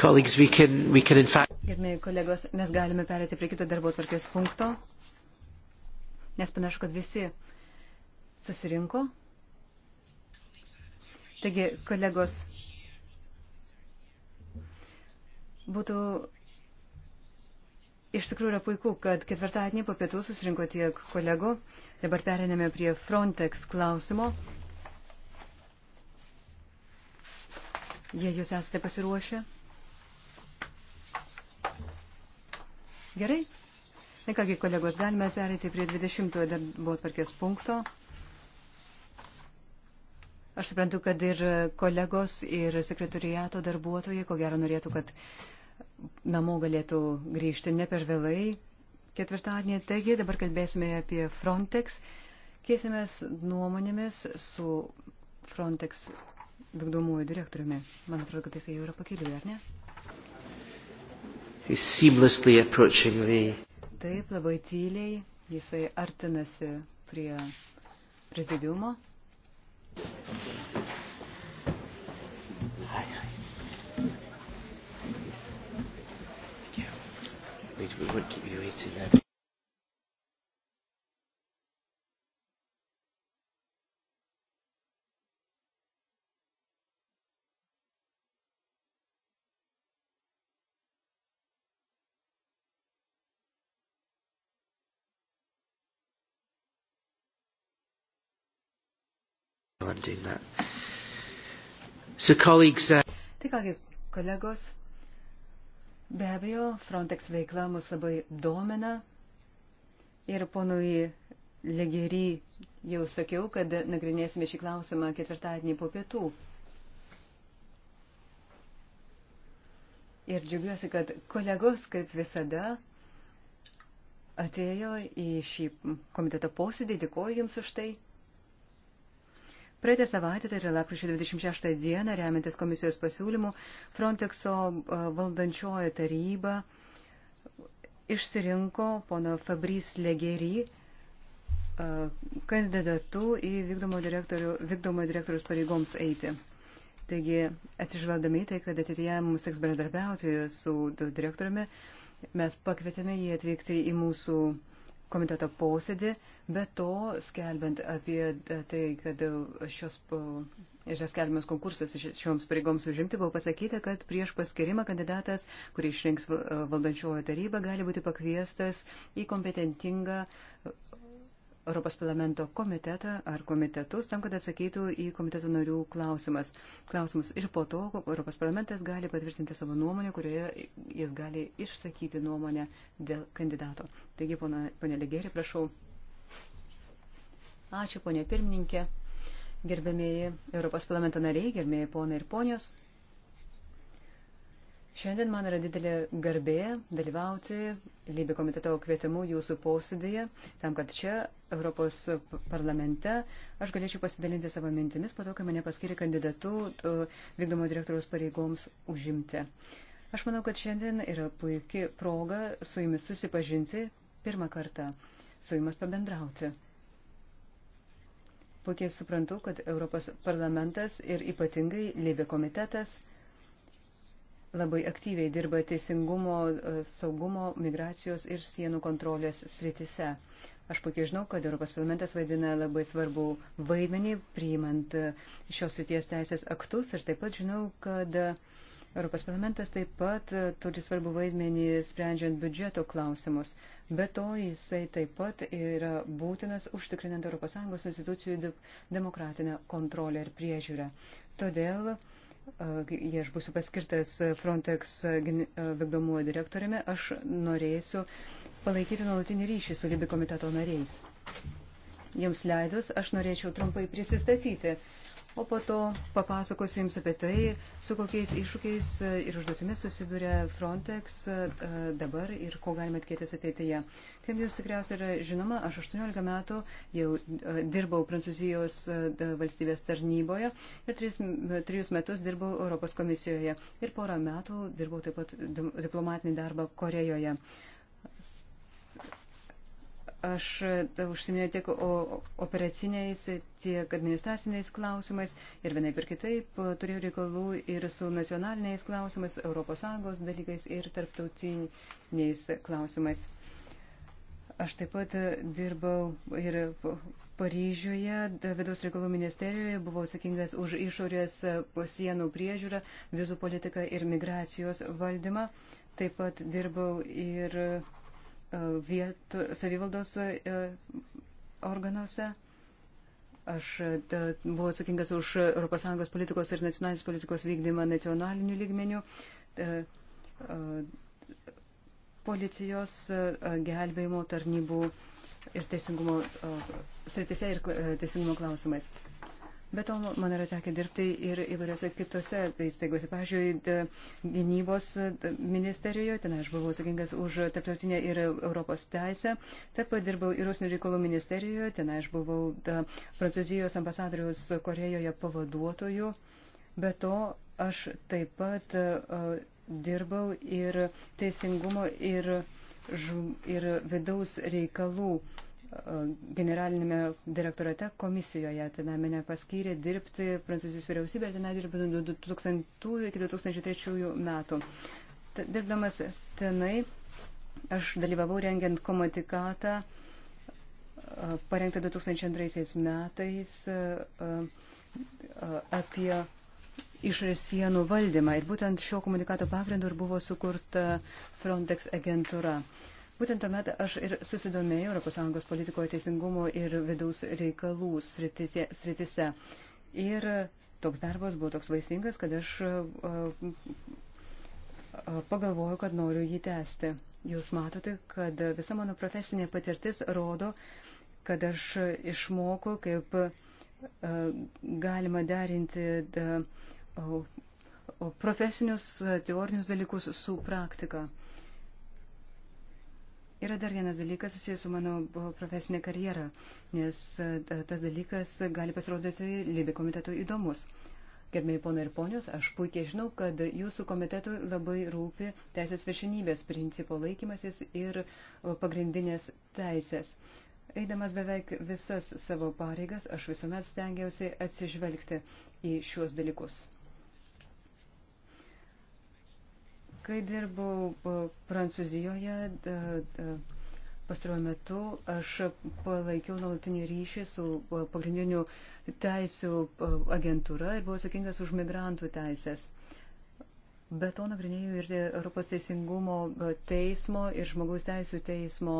Colleagues, we can, we can in fact... Gerbėjai kolegos, mes galime perėti prie kito darbo tvarkės punkto, nes panašu, kad visi susirinko. Taigi, kolegos, būtų iš tikrųjų yra puiku, kad ketvirtadienį po pietų susirinko tiek kolegų. Dabar periname prie Frontex klausimo. Jei jūs esate pasiruošę. Gerai? Na kągi, kolegos, galime perėti prie 20 darbo atvarkės punkto. Aš suprantu, kad ir kolegos, ir sekretoriato darbuotojai, ko gero norėtų, kad namo galėtų grįžti ne per vėlai ketvirtadienį. Taigi dabar kalbėsime apie Frontex. Kėsimės nuomonėmis su Frontex vykdomuoju direktoriumi. Man atrodo, kad jisai jau yra pakeliui, ar ne? seamlessly approaching the. Taip, labai tyliai jisai artinasi prie prezidiumo. We won't keep you waiting now. I'm doing that. So colleagues, uh... Tai kągi, kolegos, be abejo, Frontex veikla mus labai domina ir ponui Legery jau sakiau, kad nagrinėsime šį klausimą ketvirtadienį po pietų. Ir džiugiuosi, kad kolegos, kaip visada, atėjo į šį komiteto posėdį, dėkoju Jums už tai. Praeitą savaitę, tai yra lapkričio 26 dieną, remiantis komisijos pasiūlymų, Frontexo e, valdančioji taryba išsirinko pono Fabrys Legery e, kandidatu į vykdomo, direktorių, vykdomo direktorius pareigoms eiti. Taigi, atsižvelgdami tai, kad ateityje mums teks bendradarbiauti su direktoriumi, mes pakvietėme jį atvykti į mūsų uh, komiteto posėdį, bet to skelbiant apie e, tai, kad e, šios, e, šios skelbiamas konkursas šioms pareigoms užimti, buvo pasakyta, kad prieš paskirimą kandidatas, kurį išrinks valdančiojo taryba, gali būti pakviestas į kompetentingą Europos parlamento komitetą ar komitetus tam, kad atsakytų į komitetų narių klausimas. klausimus. Ir po to Europos parlamentas gali patvirtinti savo nuomonę, kurioje jis gali išsakyti nuomonę dėl kandidato. Taigi, ponė Legeri, prašau. Ačiū, ponė pirmininkė, gerbėmėjai Europos parlamento nariai, gerbėmėjai ponai ir ponios. Šiandien man yra didelė garbė dalyvauti Lybė komiteto kvietimu jūsų posėdėje, tam, kad čia, Europos parlamente, aš galėčiau pasidalinti savo mintimis, po to, kai mane paskiri kandidatų vykdomo direktoriaus pareigoms užimti. Aš manau, kad šiandien yra puikia proga su jumis susipažinti pirmą kartą, su jumis pabendrauti. Puikiai suprantu, kad Europos parlamentas ir ypatingai Lybė komitetas – labai aktyviai dirba teisingumo, e, saugumo, migracijos ir sienų kontrolės sritise. Aš puikiai žinau, kad Europos parlamentas vaidina labai svarbu vaidmenį priimant e, šios srities teisės aktus ir taip pat žinau, kad Europos parlamentas taip pat e, turi svarbu vaidmenį sprendžiant biudžeto klausimus, bet to jisai taip pat yra būtinas užtikrinant ES institucijų demokratinę kontrolę ir priežiūrę. Todėl jei aš būsiu paskirtas Frontex vykdomuoju direktoriumi, aš norėsiu palaikyti nuolatinį ryšį su Libi komiteto nariais. Jums leidus, aš norėčiau trumpai prisistatyti o po to papasakosiu Jums apie tai, su kokiais iššūkiais e, ir užduotimis susiduria Frontex e, dabar ir ko galime tikėtis ateityje. Kaip Jūs tikriausiai yra žinoma, aš 18 metų jau e, dirbau Prancūzijos valstybės tarnyboje ir 3, 3 metus dirbau Europos komisijoje ir porą metų dirbau taip pat diplomatinį darbą Korejoje. Aš e, užsiminėjau tiek operaciniais, tiek administraciniais klausimais ir vienaip ir kitaip e, turėjau reikalų ir su nacionaliniais klausimais, ES dalykais ir tarptautiniais klausimais. Aš taip pat e, dirbau ir Paryžiuje, vidaus reikalų ministerijoje, buvau atsakingas už išorės sienų priežiūrą, vizų politiką ir migracijos valdymą. Taip pat dirbau ir vietų, savivaldos e, organuose. Aš e, buvau atsakingas už ES politikos ir nacionalinės politikos vykdymą nacionaliniu lygmeniu. E, policijos gelbėjimo tarnybų ir teisingumo sritise ir teisingumo klausimais. Bet to man yra tekę dirbti ir įvairiose kitose įstaigose. Pavyzdžiui, gynybos ministerijoje, ten aš buvau sakingas už tarptautinę ir Europos teisę. Taip pat dirbau ir Rusnių reikalų ministerijoje, ten aš buvau da, Prancūzijos ambasadoriaus Korejoje pavaduotoju. Be to, aš taip pat uh, dirbau ir teisingumo ir, ir vidaus reikalų uh, generalinėme direktorate komisijoje. Ten mane paskyrė dirbti Prancūzijos vyriausybė ir ten dirbau nuo 2000 iki 2003 metų. Dirbdamas tenai, aš dalyvavau rengiant komunikatą parengtą 2002 metais apie išorės sienų valdymą. Ir būtent šio komunikato pagrindu ir buvo sukurta Frontex agentūra. Būtent tuomet aš ir susidomėjau ES politikoje teisingumo ir vidaus reikalų sritise. Ir toks darbas buvo toks vaisingas, kad aš pagalvoju, kad noriu jį tęsti. Jūs matote, kad visa mano profesinė patirtis rodo, kad aš išmokau, kaip galima derinti profesinius teorinius dalykus su praktika. Yra dar vienas dalykas susijęs su mano profesinė karjera, nes e, tas dalykas gali pasirodyti Libė komitetui įdomus. Gerbėjai ponai ir ponios, aš puikiai žinau, kad jūsų komitetui labai rūpi teisės viršinybės principo laikymasis ir pagrindinės teisės. Eidamas beveik visas savo pareigas, aš visuomet stengiausi atsižvelgti į šiuos dalykus. Kai dirbau e, Prancūzijoje, pastaruoju metu aš palaikiau nuolatinį ryšį su e, pagrindiniu teisų e, agentūra ir buvau atsakingas už migrantų teisės. Be to nagrinėjau ir Europos teisingumo teismo ir žmogaus teisų teismo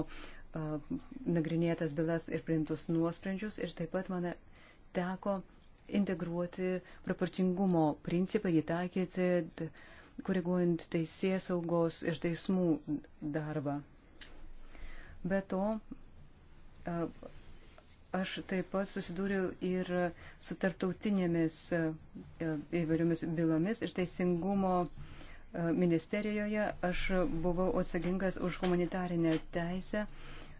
nagrinėtas bylas ir priimtus nuosprendžius ir taip pat man teko integruoti proporcingumo principą, jį taikyti koreguojant teisės saugos ir teismų darbą. Be to, aš taip pat susidūriau ir su tarptautinėmis įvairiomis bylomis ir teisingumo ministerijoje. Aš buvau atsakingas už humanitarinę teisę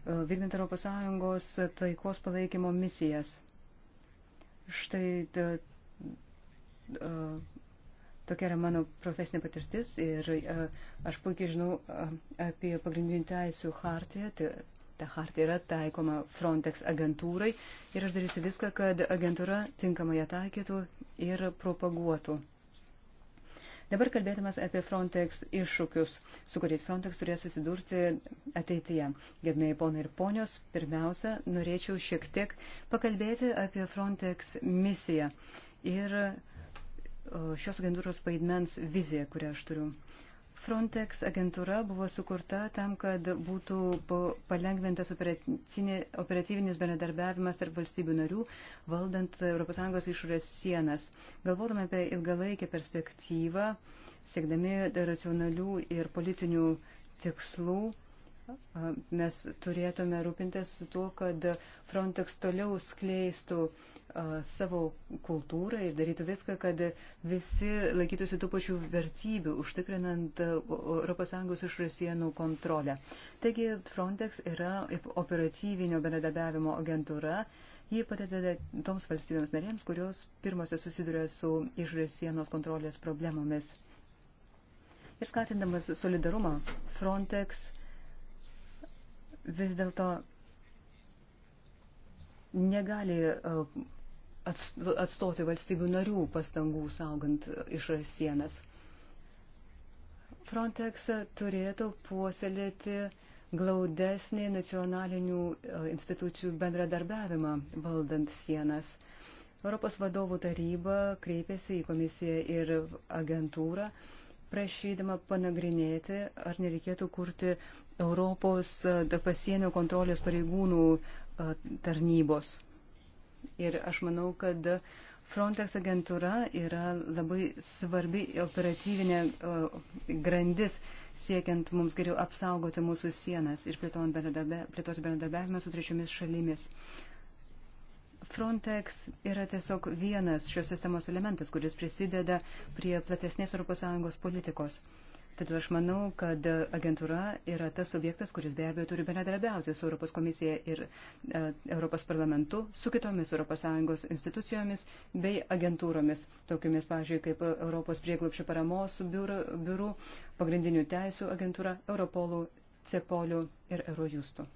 vykdant ES taikos palaikymo misijas. Štai ta, ta, Tokia yra mano profesinė patirtis ir e, aš puikiai žinau e, apie pagrindinių teisų hartiją. Tai ta hartija yra taikoma Frontex agentūrai ir aš darysiu viską, kad agentūra tinkamai ją taikytų ir propaguotų. Dabar kalbėdamas apie Frontex iššūkius, su kuriais Frontex turės susidurti ateityje. Gerbėjai ponai ir ponios, pirmiausia, norėčiau šiek tiek pakalbėti apie Frontex misiją ir uh, šios agentūros vaidmens viziją, kurią aš turiu. Frontex agentūra buvo sukurta tam, kad būtų palengvintas operatyvinis bendradarbiavimas tarp valstybių narių, valdant ES išorės sienas. Galvodami apie ilgalaikę perspektyvą, siekdami racionalių ir politinių tikslų, mes turėtume rūpintis tuo, kad Frontex toliau skleistų uh, savo kultūrą ir darytų viską, kad visi laikytųsi tų pačių vertybių, užtikrinant ES išrasienų kontrolę. Taigi Frontex yra operatyvinio bendradarbiavimo agentūra. Ji padeda toms valstybėms narėms, kurios pirmosios susiduria su išrasienos kontrolės problemomis. Ir skatindamas solidarumą, Frontex vis dėlto negali uh, atstoti valstybių narių pastangų saugant išorės sienas. Frontex turėtų puoselėti glaudesnį nacionalinių e, institucijų bendradarbiavimą valdant sienas. Europos vadovų taryba kreipėsi į komisiją ir agentūrą, prašydama panagrinėti, ar nereikėtų kurti Europos e, pasienio kontrolės pareigūnų e, tarnybos. Ir aš manau, kad Frontex agentūra yra labai svarbi operatyvinė e, grandis siekiant mums geriau apsaugoti mūsų sienas ir plėtoti bendradarbiavimą su trečiomis šalimis. Frontex yra tiesiog vienas šios sistemos elementas, kuris prisideda prie platesnės ES politikos. Tad aš manau, kad agentūra yra tas subjektas, kuris be abejo turi bendradarbiauti su Europos komisija ir e, Europos parlamentu, su kitomis ES institucijomis bei agentūromis, tokiomis, pavyzdžiui, kaip Europos prieglopšio paramos biurų, biurų, pagrindinių teisų agentūra, Europolų, Cepolių ir Eurojustų.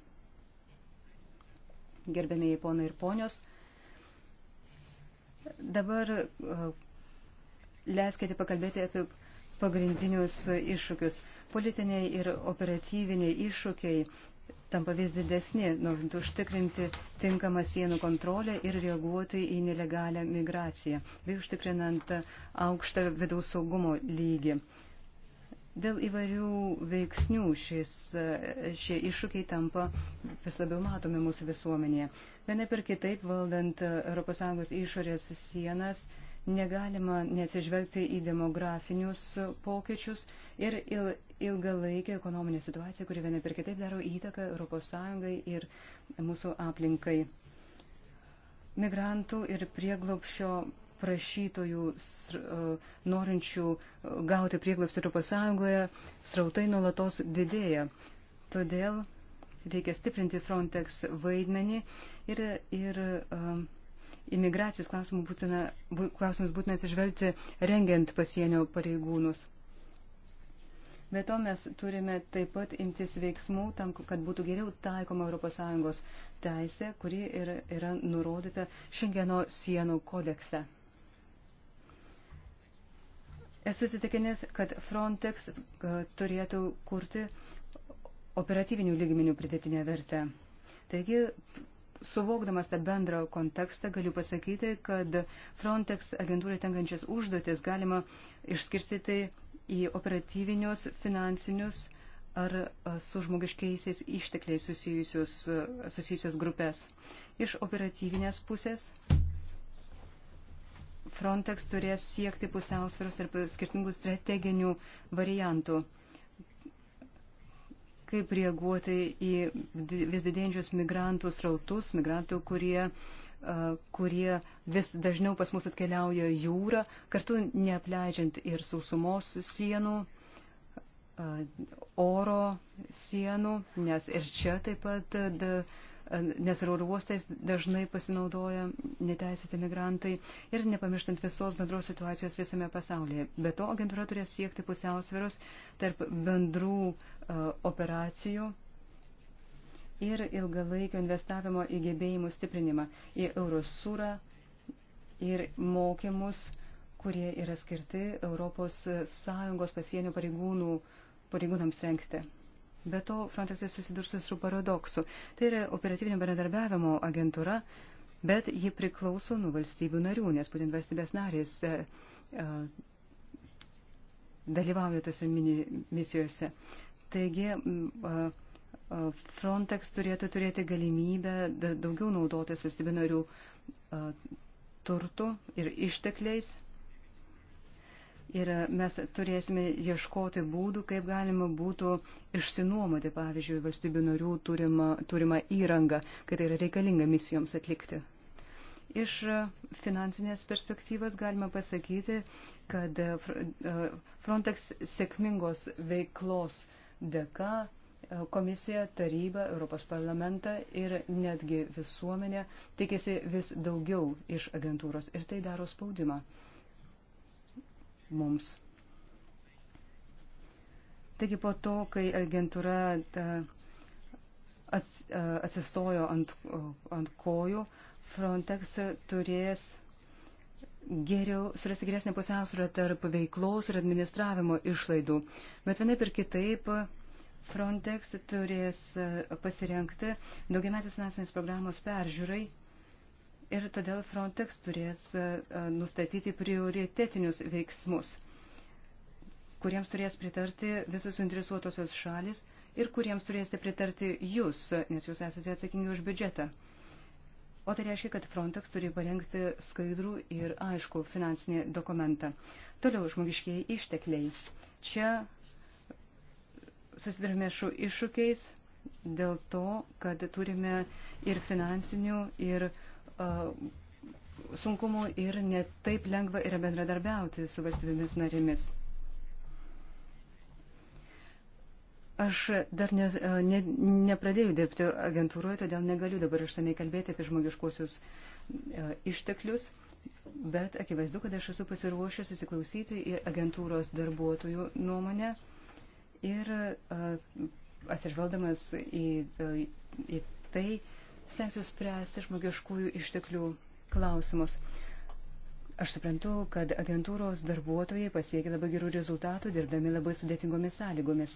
Gerbėmėjai ponai ir ponios, dabar e, leiskite pakalbėti apie pagrindinius iššūkius. Politiniai ir operatyviniai iššūkiai tampa vis didesni, norint užtikrinti tinkamą sienų kontrolę ir reaguoti į nelegalią migraciją, bei užtikrinant aukštą vidaus saugumo lygį. Dėl įvairių veiksnių šis, šie iššūkiai tampa vis labiau matomi mūsų visuomenėje. Viena per kitaip, valdant ES išorės sienas, negalima neatsižvelgti į demografinius pokyčius ir ilgalaikį ekonominę situaciją, kuri viena per kitaip daro įtaką ES ir mūsų aplinkai. Migrantų ir prieglopšio prašytojų, e, norinčių e, gauti prieglapsį Europos Sąjungoje, srautai nuolatos didėja. Todėl reikia stiprinti Frontex vaidmenį ir, ir uh, imigracijos klausimus būtina, klausimus būtina atsižvelgti rengiant pasienio pareigūnus. Be to mes turime taip pat imtis veiksmų tam, kad būtų geriau taikoma ES teisė, kuri yra, yra nurodyta Šengeno sienų kodekse. Esu įsitikinęs, kad Frontex e, turėtų kurti operatyvinių lygmenių pridėtinę vertę. Taigi suvokdamas tą bendrą kontekstą, galiu pasakyti, kad Frontex agentūrai tenkančias užduotis galima išskirstyti į operatyvinius, finansinius ar su žmogiškiaisiais ištekliais susijusios, susijusios grupės. Iš operatyvinės pusės Frontex turės siekti pusiausvėros tarp skirtingų strateginių variantų kaip reaguoti į vis didėjančius migrantų srautus, migrantų, kurie, kurie vis dažniau pas mus atkeliauja jūrą, kartu neapleidžiant ir sausumos sienų, oro sienų, nes ir čia taip pat. Da, nes ir oro uostais dažnai pasinaudoja neteisėti migrantai ir nepamirštant visos bendros situacijos visame pasaulyje. Be to, agentūra turės siekti pusiausvėros tarp bendrų e, operacijų ir ilgalaikio investavimo į gebėjimų stiprinimą, į eurosūrą ir mokymus, kurie yra skirti ES pasienio pareigūnų, pareigūnams renkti. Be to, Frontexas susidurs su paradoksu. Tai yra operatyvinio bendradarbiavimo agentūra, bet ji priklauso nuo valstybių narių, nes būtent valstybės narės e, e, dalyvauja tose mini misijose. Taigi, e, Frontex turėtų turėti galimybę daugiau naudotis valstybių narių turtų ir ištekliais Ir e, mes turėsime ieškoti būdų, kaip galima būtų išsinuomoti, pavyzdžiui, valstybių narių turimą, turimą įrangą, kai tai yra reikalinga misijoms atlikti. Iš e, finansinės perspektyvas galima pasakyti, kad e, Frontex sėkmingos veiklos dėka komisija, taryba, Europos parlamenta ir netgi visuomenė tikėsi vis daugiau iš agentūros ir tai daro spaudimą mums. Taigi po to, kai agentūra atsistojo ant, ant kojų, Frontex turės geriau, surasti geresnį pusiausvyrą tarp veiklos ir administravimo išlaidų. Bet vienaip ir kitaip Frontex turės pasirenkti daugiametės finansinės programos peržiūrai ir todėl Frontex turės e, e, nustatyti prioritetinius veiksmus, kuriems turės pritarti visus interesuotosios šalis ir kuriems turėsite pritarti jūs, nes jūs esate atsakingi už biudžetą. O tai reiškia, kad Frontex turi parengti skaidrų ir aišku finansinį dokumentą. Toliau žmogiškiai ištekliai. Čia susidurime su iššūkiais dėl to, kad turime ir finansinių, ir uh, sunkumų ir netaip lengva yra bendradarbiauti su valstybėmis narėmis. Aš dar ne, ne, nepradėjau dirbti agentūroje, todėl negaliu dabar išsamei kalbėti apie žmogiškuosius išteklius, bet akivaizdu, kad aš esu pasiruošęs įsiklausyti į agentūros darbuotojų nuomonę ir atsižvelgdamas į, į tai, stengsis spręsti žmogiškųjų išteklių klausimus. Aš suprantu, kad agentūros darbuotojai pasiekia labai gerų rezultatų, dirbdami labai sudėtingomis sąlygomis.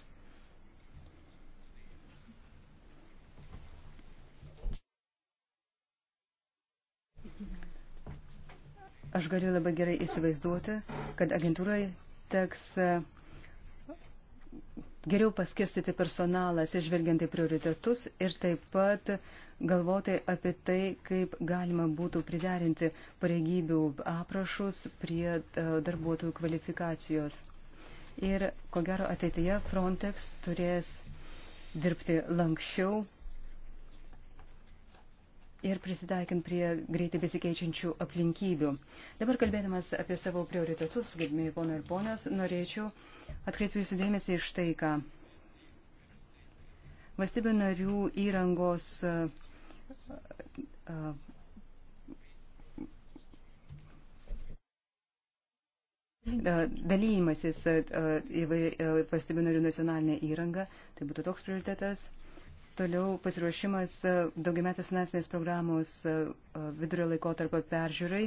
Aš galiu labai gerai įsivaizduoti, kad agentūrai teks e, geriau paskirstyti personalą, atsižvelgiant į prioritetus ir taip pat uh, galvoti apie tai, kaip galima būtų priderinti pareigybių aprašus prie e, darbuotojų kvalifikacijos. Ir ko gero ateityje Frontex turės dirbti lankščiau ir prisitaikant prie greitai besikeičiančių aplinkybių. Dabar kalbėdamas apie savo prioritetus, gerbimi pono ir ponios, norėčiau atkreipti jūsų dėmesį iš tai, ką valstybių narių įrangos e, e, e, dalymasis valstybių narių nacionalinė įranga, tai būtų toks prioritetas. Toliau pasiruošimas daugiametės finansinės programos vidurio laikotarpio peržiūrai.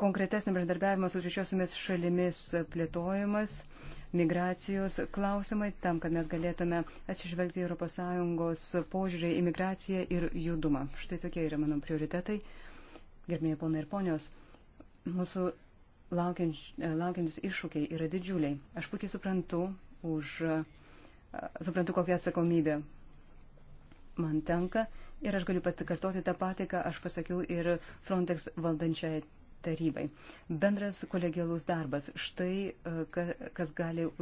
Konkretesnio bendradarbiavimo su trečiosiomis šalimis plėtojimas. Uh, migracijos klausimai, tam, kad mes galėtume atsižvelgti ES požiūrį į migraciją ir judumą. Štai tokie yra mano prioritetai. Gerbėjai ponai ir ponios, mūsų e, laukiantis iššūkiai yra didžiuliai. Aš puikiai suprantu, už, e, suprantu kokią atsakomybę man tenka ir aš galiu patikartoti tą patį, ką aš pasakiau ir Frontex valdančiai tarybai. Bendras kolegialus darbas - štai e, kas gali e,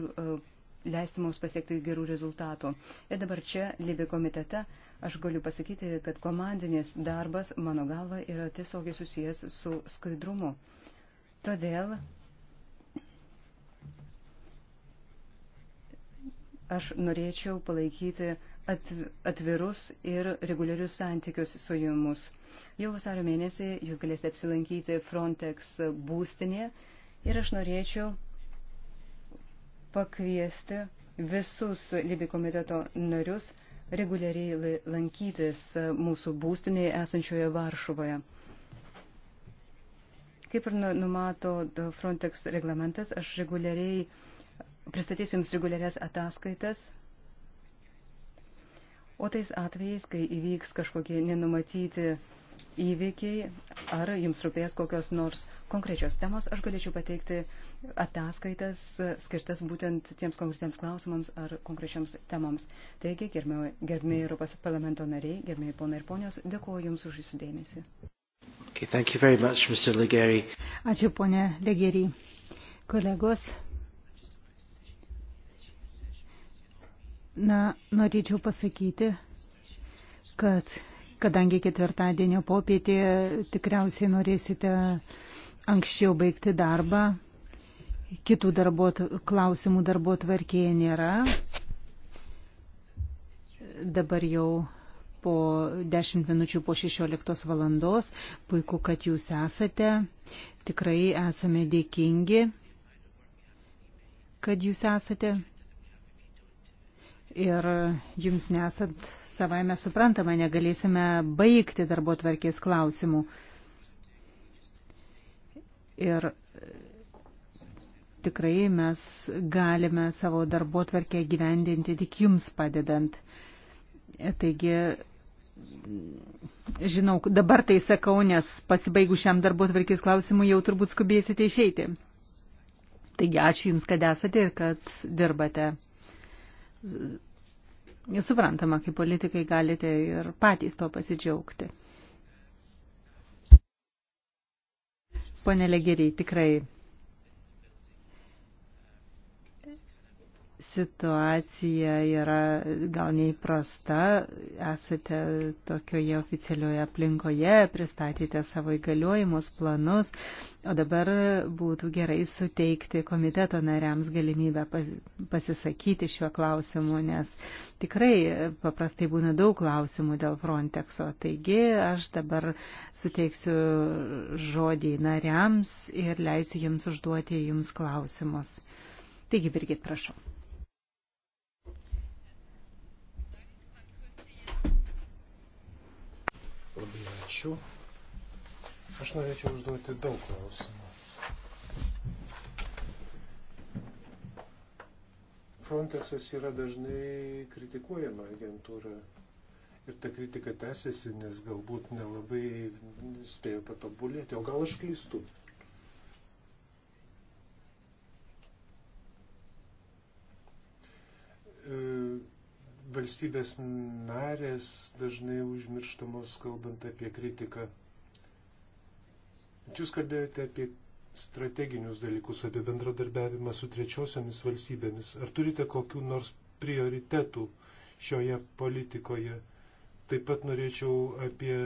leisti mums pasiekti gerų rezultatų. Ir dabar čia, Libė komitete, aš galiu pasakyti, kad komandinis darbas, mano galva, yra tiesiogiai susijęs su skaidrumu. Todėl aš norėčiau palaikyti uh, atvirus ir reguliarius santykius su jumis. Jau vasario mėnesį jūs galėsite apsilankyti Frontex būstinėje ir aš norėčiau pakviesti visus Libi komiteto narius reguliariai lankytis mūsų būstinėje esančioje Varšuvoje. Kaip ir nu-, numato Frontex reglamentas, aš reguliariai pristatysiu Jums reguliarias ataskaitas O tais atvejais, kai įvyks kažkokie nenumatyti įvykiai, ar jums rūpės kokios nors konkrečios temos, aš galėčiau pateikti ataskaitas skirtas būtent tiems konkretiems klausimams ar konkrečiams temams. Taigi, gerbėjai Europos parlamento nariai, gerbėjai ponai ir ponios, dėkuoju Jums už Jūsų dėmesį. Okay, much, Ačiū, ponė Legeri. Kolegos, Na, norėčiau pasakyti, kad kadangi ketvirtadienio popietė tikriausiai norėsite anksčiau baigti darbą, kitų darbo, klausimų darbo tvarkėje nėra. Dabar jau po 10 minučių po 16 valandos. Puiku, kad jūs esate. Tikrai esame dėkingi, kad jūs esate ir jums nesant savaime suprantama, negalėsime baigti darbo tvarkės klausimų. Ir tikrai mes galime savo darbo tvarkę gyvendinti tik jums padedant. Taigi, žinau, dabar tai sakau, nes pasibaigus šiam darbo tvarkės klausimui jau turbūt skubėsite išeiti. Taigi, ačiū Jums, kad esate ir kad dirbate suprantama, kaip politikai galite ir patys to pasidžiaugti. Pone Legeriai, tikrai situacija yra gal neįprasta, esate tokioje oficialioje aplinkoje, pristatėte savo įgaliojimus, planus, o dabar būtų gerai suteikti komiteto nariams galimybę pasisakyti šiuo klausimu, nes tikrai paprastai būna daug klausimų dėl Frontexo. Taigi aš dabar suteiksiu žodį nariams ir leisiu jums užduoti jums klausimus. Taigi, Birgit, prašau. ačiū. Aš norėčiau užduoti daug klausimų. Frontexas yra dažnai kritikuojama agentūra. Ir ta kritika tęsiasi, nes galbūt nelabai spėjo patobulėti. O gal aš klystu? E, valstybės narės dažnai užmirštamos, kalbant apie kritiką. Bet jūs kalbėjote apie strateginius dalykus, apie bendradarbiavimą su trečiosiomis valstybėmis. Ar turite kokių nors prioritetų šioje politikoje? Taip pat norėčiau apie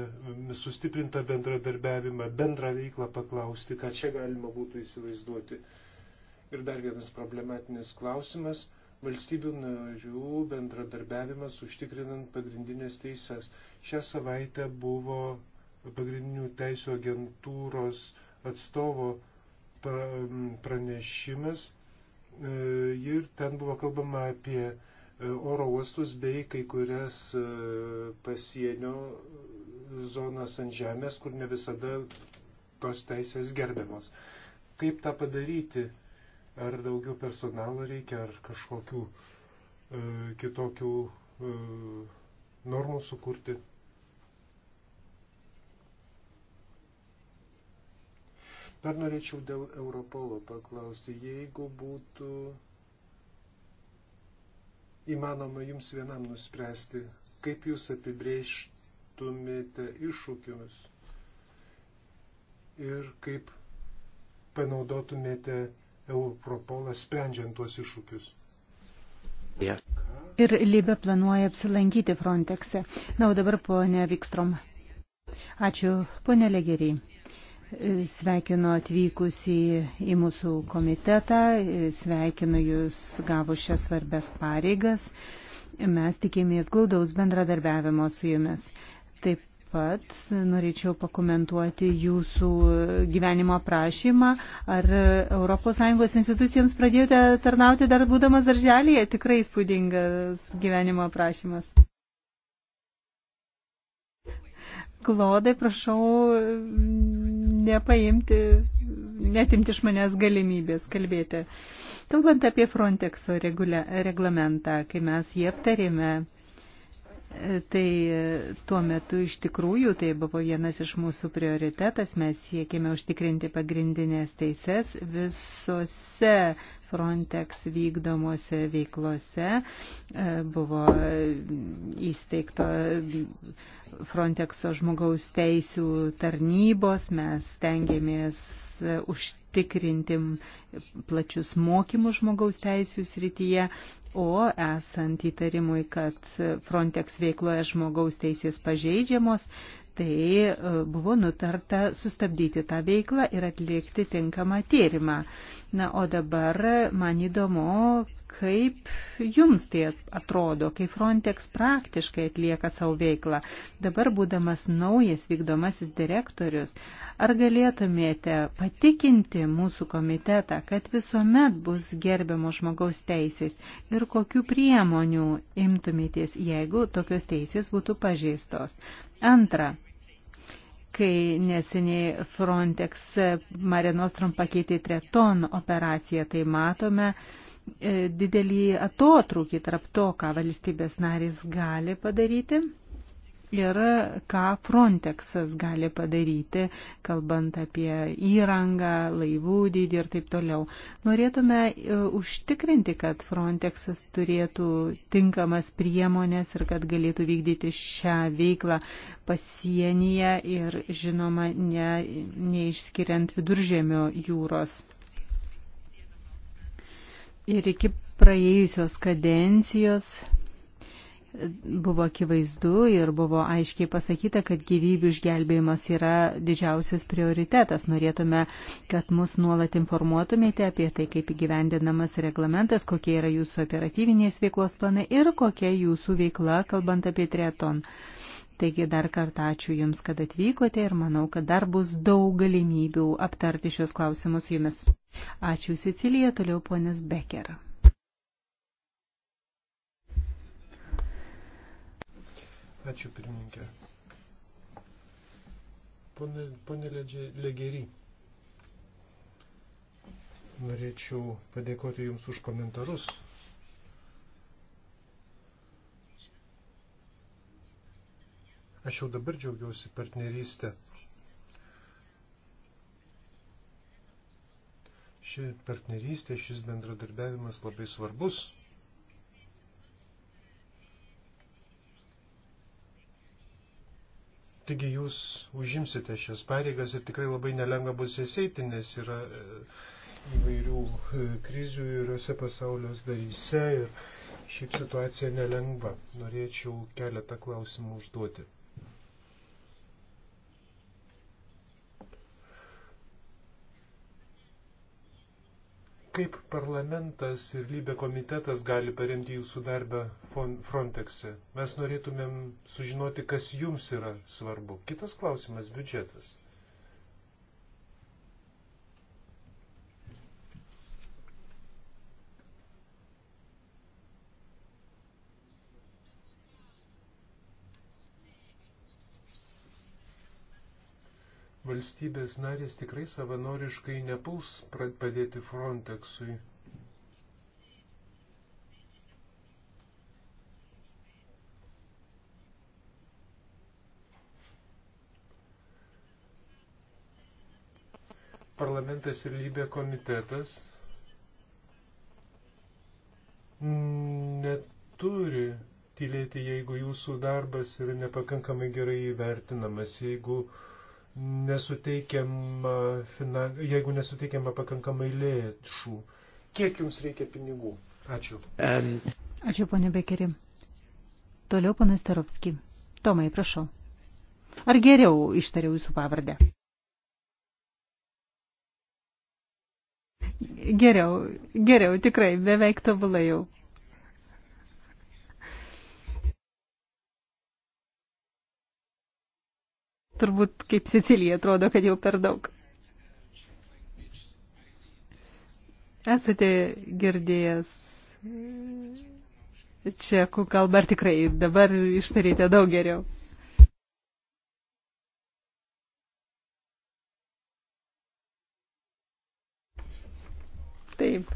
sustiprintą bendradarbiavimą, bendrą veiklą paklausti, ką čia galima būtų įsivaizduoti. Ir dar vienas problematinis klausimas valstybių narių bendradarbiavimas užtikrinant pagrindinės teises. Šią savaitę buvo pagrindinių teisų agentūros atstovo pranešimas e, ir ten buvo kalbama apie e, oro uostus bei kai kurias e, pasienio zonas ant žemės, kur ne visada tos teisės gerbiamos. Kaip tą padaryti? Ar daugiau personalo reikia, ar kažkokių e, kitokių e, normų sukurti? Dar norėčiau dėl Europolo paklausti, jeigu būtų įmanoma jums vienam nuspręsti, kaip jūs apibrėžtumėte iššūkius ir kaip panaudotumėte Europolas sprendžiant tuos iššūkius. Yeah. Ir Libė planuoja apsilankyti Frontexe. Na, o dabar ponė Vikstrom. Ačiū, ponė Legeriai. Sveikinu atvykus į, į mūsų komitetą, sveikinu Jūs gavus šias svarbės pareigas. Mes tikimės glaudaus bendradarbiavimo su Jumis. Taip pat norėčiau pakomentuoti jūsų gyvenimo prašymą. Ar ES institucijoms pradėjote tarnauti dar būdamas darželėje? Tikrai įspūdingas gyvenimo prašymas. Klodai, prašau nepaimti, netimti iš manęs galimybės kalbėti. Kalbant apie Frontexo regula, reglamentą, kai mes jį aptarėme, Tai tuo metu iš tikrųjų tai buvo vienas iš mūsų prioritetas. Mes siekėme užtikrinti pagrindinės teises visose Frontex vykdomose veiklose. E, buvo įsteigto Frontexo žmogaus teisų tarnybos. Mes tengiamės užtikrinti plačius mokymus žmogaus teisų srityje, o esant įtarimui, kad Frontex veikloje žmogaus teisės pažeidžiamos, tai e, buvo nutarta sustabdyti tą veiklą ir atlikti tinkamą tyrimą. Na, o dabar man įdomu, kaip jums tai atrodo, kai Frontex praktiškai atlieka savo veiklą. Dabar būdamas naujas vykdomasis direktorius, ar galėtumėte patikinti mūsų komitetą, kad visuomet bus gerbiamos žmogaus teisės ir kokiu priemonių imtumėtės, jeigu tokios teisės būtų pažeistos? Antra kai neseniai Frontex Marenostrum pakeitė Treton operaciją, tai matome e, didelį atotrūkį tarp to, ką valstybės narys gali padaryti ir ką Frontexas gali padaryti, kalbant apie įrangą, laivų dydį ir taip toliau. Norėtume e, užtikrinti, kad Frontexas turėtų tinkamas priemonės ir kad galėtų vykdyti šią veiklą pasienyje ir, žinoma, ne, neišskiriant viduržėmio jūros. Ir iki praėjusios kadencijos buvo akivaizdu ir buvo aiškiai pasakyta, kad gyvybių išgelbėjimas yra didžiausias prioritetas. Norėtume, kad mus nuolat informuotumėte apie tai, kaip įgyvendinamas reglamentas, kokie yra jūsų operatyvinės veiklos planai ir kokia jūsų veikla, kalbant apie triaton. Taigi dar kartą ačiū Jums, kad atvykote ir manau, kad dar bus daug galimybių aptarti šios klausimus Jumis. Ačiū Sicilija, toliau ponės Becker. Ačiū pirmininkė. Pone, pone Legery, norėčiau padėkoti Jums už komentarus. Aš jau dabar džiaugiausi partnerystę. Ši partnerystė, šis bendradarbiavimas labai svarbus. Taigi jūs užimsite šias pareigas ir tikrai labai nelengva bus jas eiti, nes yra e, įvairių e, krizių įvairiose pasaulio dalyse ir šiaip situacija nelengva. Norėčiau keletą klausimų užduoti. Kaip parlamentas ir lybė komitetas gali paremti jūsų darbą Frontexe? Mes norėtumėm sužinoti, kas jums yra svarbu. Kitas klausimas - biudžetas. valstybės narės tikrai savanoriškai nepuls padėti Frontexui. Parlamentas ir lybė komitetas neturi tylėti, jeigu jūsų darbas yra nepakankamai gerai įvertinamas, jeigu uh, nesuteikiama, jeigu nesuteikiama pakankamai lėšų. Kiek jums reikia pinigų? Ačiū. Um. Ačiū, ponė Bekeri. Toliau panas Tarovski. Tomai, prašau. Ar geriau ištariau jūsų pavardę? Geriau, geriau, tikrai, beveik tobulai jau. Turbūt kaip Sicilija atrodo, kad jau per daug. Esate girdėjęs čekų kalbą, ar tikrai dabar ištarėte daug geriau. Taip,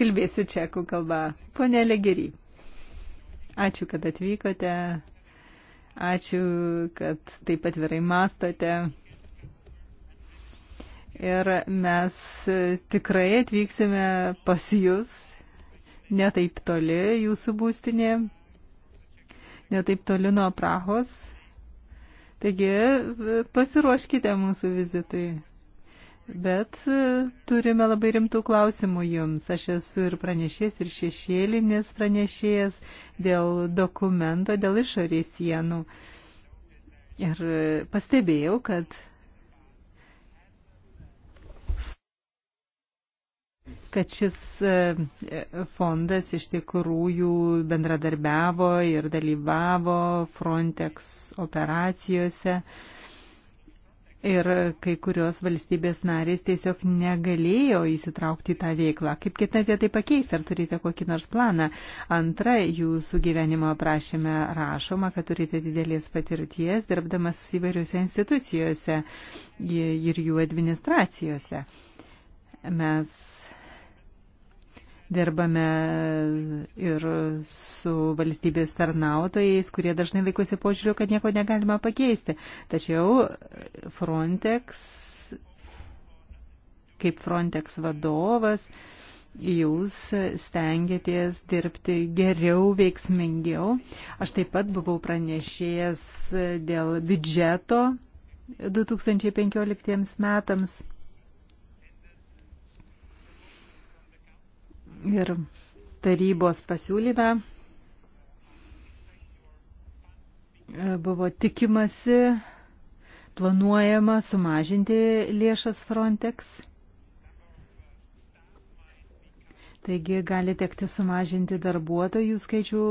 kalbėsiu čekų kalbą. Pone Legery, ačiū, kad atvykote. Ačiū, kad taip atvirai mastote. Ir mes tikrai atvyksime pas jūs, netaip toli jūsų būstinė, netaip toli nuo Prahos. Taigi pasiruoškite mūsų vizitui. Bet e, turime labai rimtų klausimų jums. Aš esu ir pranešėjas, ir šešėlinis pranešėjas dėl dokumento, dėl išorės sienų. Ir pastebėjau, kad, kad šis e, fondas iš tikrųjų bendradarbiavo ir dalyvavo Frontex operacijose. Ir kai kurios valstybės narės tiesiog negalėjo įsitraukti į tą veiklą. Kaip ketinate tai pakeisti, ar turite kokį nors planą? Antra, jūsų gyvenimo aprašyme rašoma, kad turite didelės patirties dirbdamas įvairiuose institucijose ir jų administracijose. Mes Dirbame ir su valstybės tarnautojais, kurie dažnai laikosi požiūriu, kad nieko negalima pakeisti. Tačiau Frontex, kaip Frontex vadovas, jūs stengiatės dirbti geriau, veiksmingiau. Aš taip pat buvau pranešėjęs dėl biudžeto 2015 metams. ir tarybos pasiūlyme e, buvo tikimasi, planuojama sumažinti lėšas Frontex. Taigi gali tekti sumažinti darbuotojų skaičių.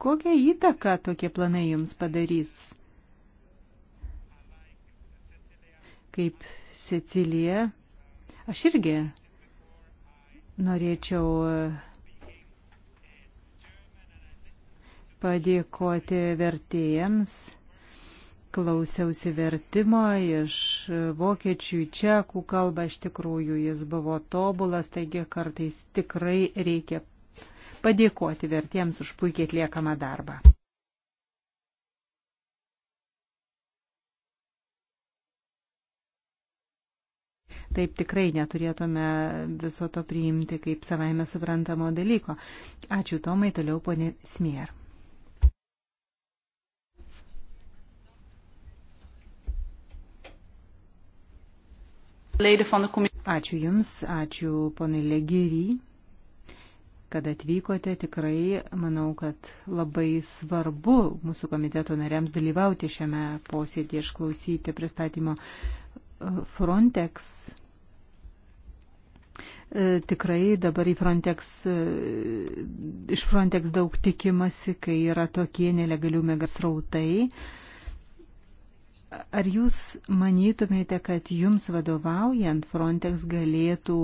Kokią įtaką tokie planai jums padarys? Kaip Cecilija, aš irgi Norėčiau padėkoti vertėjams. Klausiausi vertimo iš vokiečių į čekų kalbą, iš tikrųjų jis buvo tobulas, taigi kartais tikrai reikia padėkoti vertiems už puikiai atliekamą darbą. Taip tikrai neturėtume viso to priimti kaip savaime suprantamo dalyko. Ačiū Tomai, toliau ponė Smier. Ačiū Jums, ačiū ponai Legiry, kad atvykote. Tikrai manau, kad labai svarbu mūsų komiteto nariams dalyvauti šiame posėdėje, išklausyti pristatymo e, Frontex E, tikrai dabar į Frontex, e, iš Frontex daug tikimasi, kai yra tokie nelegalių megas rautai. Ar jūs manytumėte, kad jums vadovaujant Frontex galėtų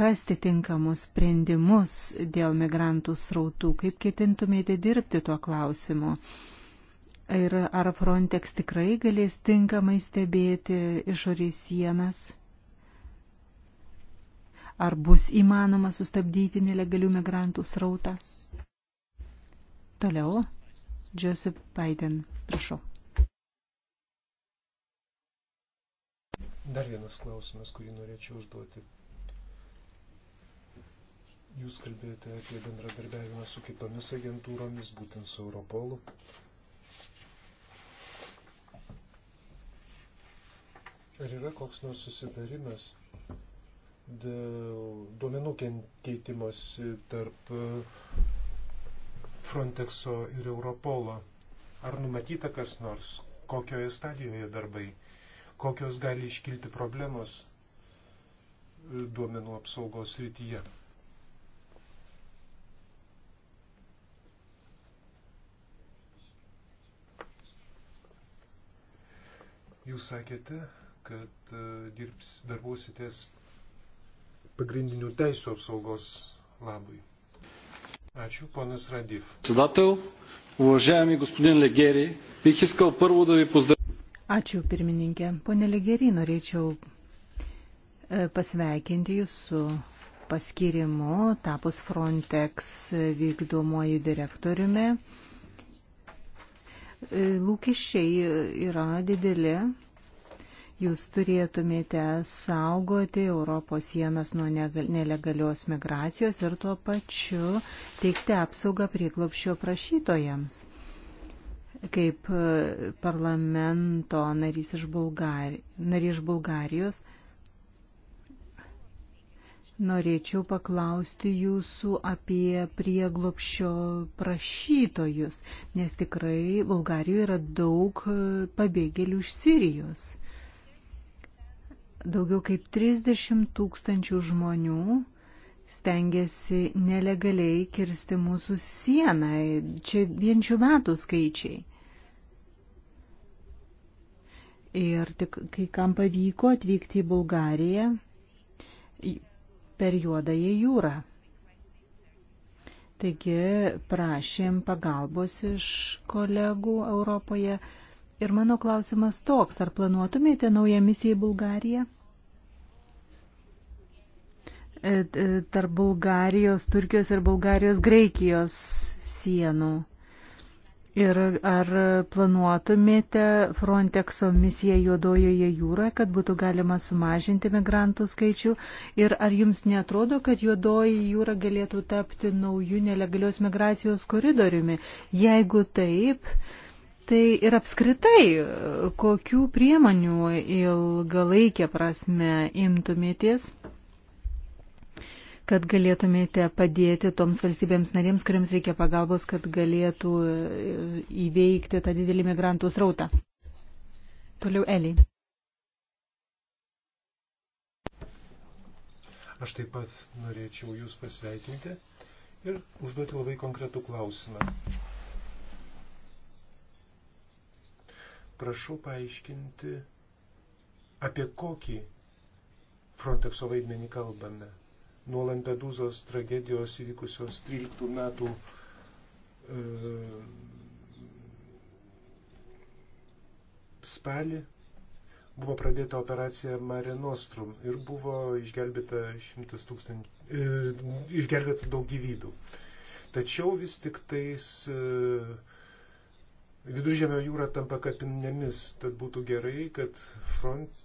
rasti tinkamus sprendimus dėl migrantų srautų? Kaip ketintumėte dirbti tuo klausimu? Ir ar Frontex tikrai galės tinkamai stebėti išorės sienas? Ar bus įmanoma sustabdyti nelegalių migrantų srautą? Toliau, Joseph Biden, prašau. Dar vienas klausimas, kurį norėčiau užduoti. Jūs kalbėjote apie bendradarbiavimą su kitomis agentūromis, būtent su Europolu. Ar yra koks nors susitarimas dėl duomenų keitimas tarp e, Frontexo ir Europolo. Ar numatyta kas nors, kokioje stadijoje darbai, kokios gali iškilti problemos e, duomenų apsaugos rytyje? Jūs sakėte, kad e, dirbs darbuositės pagrindinių teisų apsaugos labui. Ačiū, ponas Radif. Sedatел, уважаеми господин Легери, бих искал първо да ви поздравя. Ačiū, pirmininkė. Pone Legeri, norėčiau pasveikinti jūs su paskirimu, tapus Frontex vykdomuoju direktoriumi. Lūkesčiai yra dideli Jūs turėtumėte saugoti Europos sienas nuo nelegalios migracijos ir tuo pačiu teikti apsaugą prieglopščio prašytojams. Kaip e, parlamento narys iš, Bulgari, narys iš Bulgarijos, Norėčiau paklausti jūsų apie prieglopščio prašytojus, nes tikrai Bulgarijoje yra daug e, pabėgėlių iš Sirijos. Daugiau kaip 30 tūkstančių žmonių stengiasi nelegaliai kirsti mūsų sieną. Čia vien šių metų skaičiai. Ir tik kai kam pavyko atvykti į Bulgariją per Juodąją jūrą. Taigi prašėm pagalbos iš kolegų Europoje. Ir mano klausimas toks, ar planuotumėte naują misiją į Bulgariją? E, tarp Bulgarijos, Turkijos ir Bulgarijos Graikijos sienų. Ir ar planuotumėte Frontexo misiją Juodojoje jūroje, kad būtų galima sumažinti migrantų skaičių? Ir ar jums netrodo, kad Juodoji jūra galėtų tapti naujų nelegalios migracijos koridoriumi? Jeigu taip, tai ir apskritai, kokių priemonių ilgalaikė prasme imtumėtės? kad galėtumėte padėti toms valstybėms narėms, kuriams reikia pagalbos, kad galėtų e, įveikti tą didelį migrantų srautą. Toliau Eliai. Aš taip pat norėčiau Jūs pasveikinti ir užduoti labai konkretų klausimą. Prašau paaiškinti, apie kokį Frontexo vaidmenį kalbame nuo Lampedūzos tragedijos įvykusios 13 metų e, spalį buvo pradėta operacija Mare Nostrum ir buvo išgelbėta, tūkstant, e, išgelbėta daug gyvybių. Tačiau vis tik tais e, viduržėmio jūra tampa kapinėmis, tad būtų gerai, kad front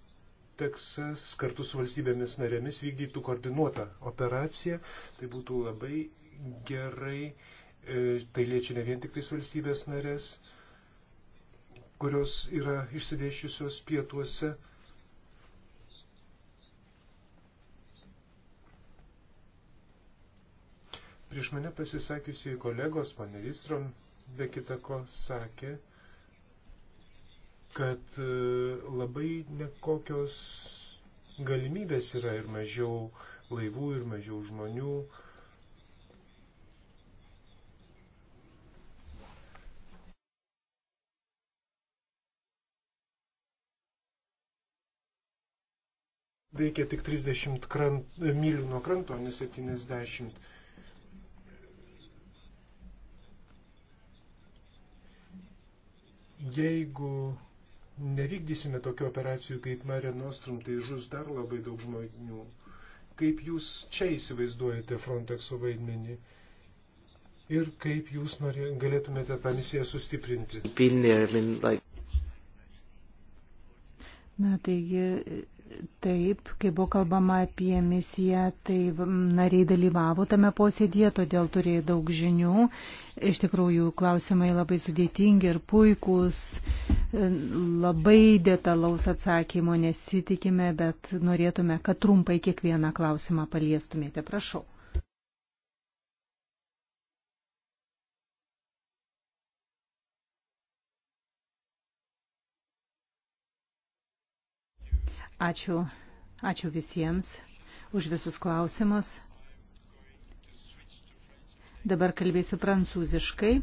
Frontexas kartu su valstybėmis narėmis vykdytų koordinuotą operaciją. Tai būtų labai gerai, e, tai liečia ne vien tik tais valstybės narės, kurios yra išsidėšiusios pietuose. Prieš mane pasisakiusiai kolegos, panelistrom, be kitako, sakė, kad e, labai nekokios galimybės yra ir mažiau laivų, ir mažiau žmonių. Veikia tik 30 krant, mylių nuo kranto, ne 70. Jeigu nevykdysime tokių operacijų kaip Mare Nostrum, tai žus dar labai daug žmonių. Kaip jūs čia įsivaizduojate Frontexo vaidmenį ir kaip jūs norė, galėtumėte tą misiją sustiprinti? Na taigi, taip, kai buvo kalbama apie misiją, tai mm, nariai dalyvavo tame posėdėje, todėl turėjo daug žinių. Iš tikrųjų, klausimai labai sudėtingi ir puikūs labai detalaus atsakymo nesitikime, bet norėtume, kad trumpai kiekvieną klausimą paliestumėte. Prašau. Ačiū. Ačiū visiems už visus klausimus. Dabar kalbėsiu prancūziškai.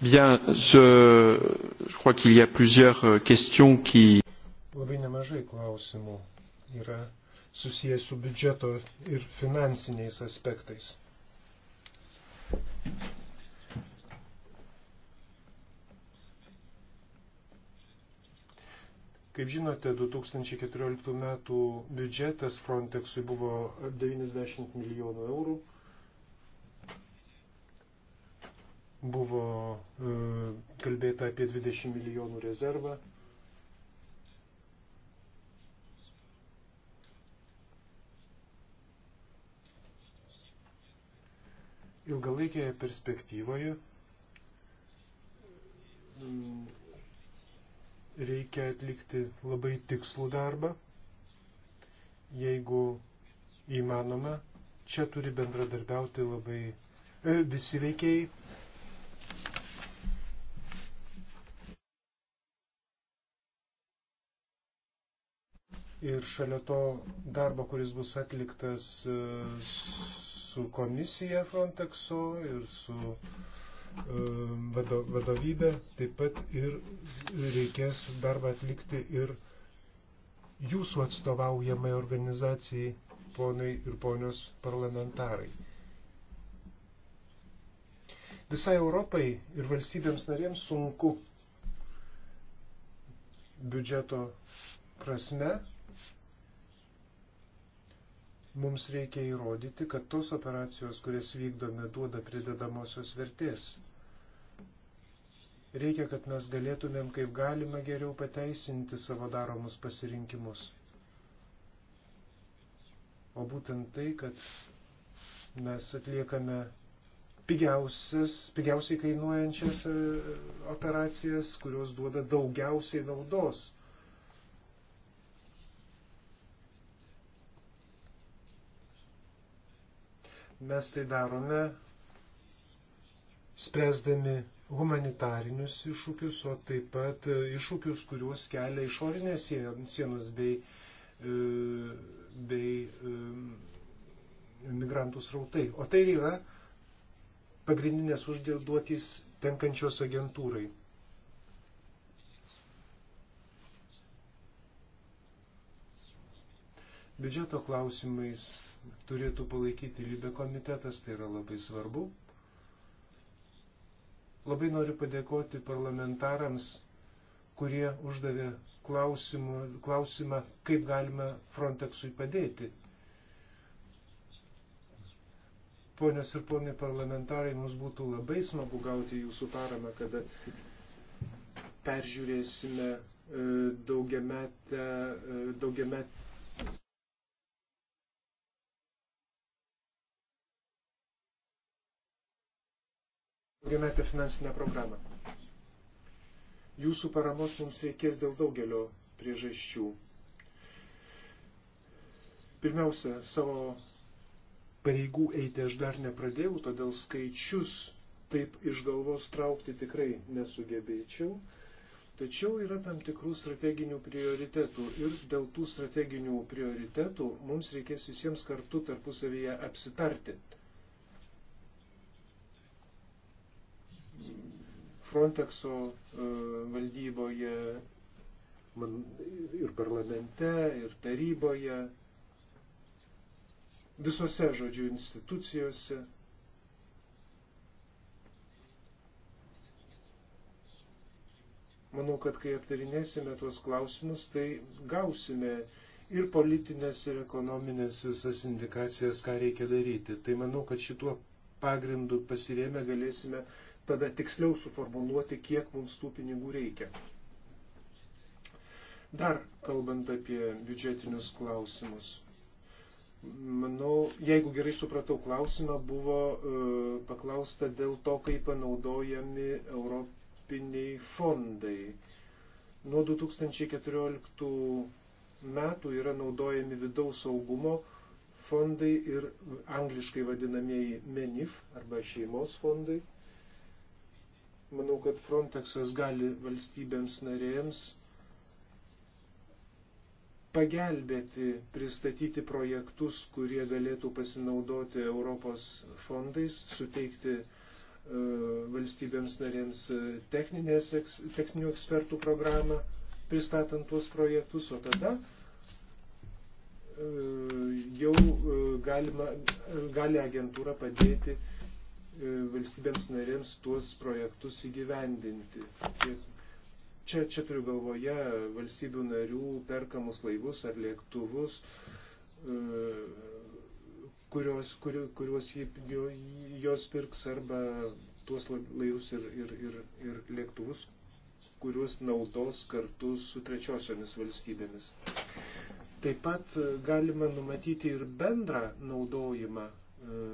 Bien, je, je crois qu'il y a plusieurs euh, questions qui. Labai nemažai klausimų yra susijęs su biudžeto ir finansiniais aspektais. Kaip žinote, 2014 metų biudžetas Frontexui buvo 90 milijonų eurų. Buvo e, kalbėta apie 20 milijonų rezervą. Ilgalaikėje perspektyvoje mm, reikia atlikti labai tikslų darbą. Jeigu įmanoma, čia turi bendradarbiauti labai e, visi veikiai Ir šalia to darbo, kuris bus atliktas e, su komisija Frontexo ir su e, vadovybė, taip pat ir reikės darbą atlikti ir jūsų atstovaujamai organizacijai, ponai ir ponios parlamentarai. Visai Europai ir valstybėms narėms sunku biudžeto prasme Mums reikia įrodyti, kad tos operacijos, kurias vykdome, duoda pridedamosios vertės. Reikia, kad mes galėtumėm kaip galima geriau pateisinti savo daromus pasirinkimus. O būtent tai, kad mes atliekame pigiausiai kainuojančias e, operacijas, kurios duoda daugiausiai naudos Mes tai darome spręsdami humanitarinius iššūkius, o taip pat e, iššūkius, kuriuos kelia išorinės sienos bei, e, bei e, migrantų srautai. O tai yra pagrindinės uždėlduotys tenkančios agentūrai. Biudžeto klausimais turėtų palaikyti lybė komitetas, tai yra labai svarbu. Labai noriu padėkoti parlamentarams, kurie uždavė klausimą, klausimą kaip galime Frontexui padėti. Ponios ir ponai parlamentarai, mums būtų labai smagu gauti jūsų paramą, kada peržiūrėsime e, daugiametę, e, daugiametę daugiametę finansinę programą. Jūsų paramos mums reikės dėl daugelio priežasčių. Pirmiausia, savo pareigų eiti aš dar nepradėjau, todėl skaičius taip iš galvos traukti tikrai nesugebėčiau. Tačiau yra tam tikrų strateginių prioritetų ir dėl tų strateginių prioritetų mums reikės visiems kartu tarpusavyje apsitarti. Frontexo e, valdyboje man, ir parlamente, ir taryboje, visose žodžių institucijose. Manau, kad kai aptarinėsime tuos klausimus, tai gausime ir politinės, ir ekonominės visas indikacijas, ką reikia daryti. Tai manau, kad šituo pagrindu pasirėmę galėsime uh, tada tiksliau suformuluoti, kiek mums tų pinigų reikia. Dar kalbant apie biudžetinius klausimus. Manau, jeigu gerai supratau klausimą, buvo e, paklausta dėl to, kaip panaudojami europiniai fondai. Nuo 2014 metų yra naudojami vidaus saugumo fondai ir angliškai vadinamieji MENIF arba šeimos fondai. Manau, kad Frontexas gali valstybėms narėms pagelbėti, pristatyti projektus, kurie galėtų pasinaudoti Europos fondais, suteikti e, valstybėms narėms e, techninės, techninių ekspertų programą, pristatant tuos projektus, o tada e, jau galima, gali agentūra padėti E, valstybėms narėms tuos projektus įgyvendinti. Čia, čia turiu galvoje valstybių narių perkamus laivus ar lėktuvus, e, kurios, kur, kuriuos jos pirks arba tuos laivus ir, ir, ir, ir lėktuvus, kuriuos naudos kartu su trečiosiomis valstybėmis. Taip pat e, galima numatyti ir bendrą naudojimą e,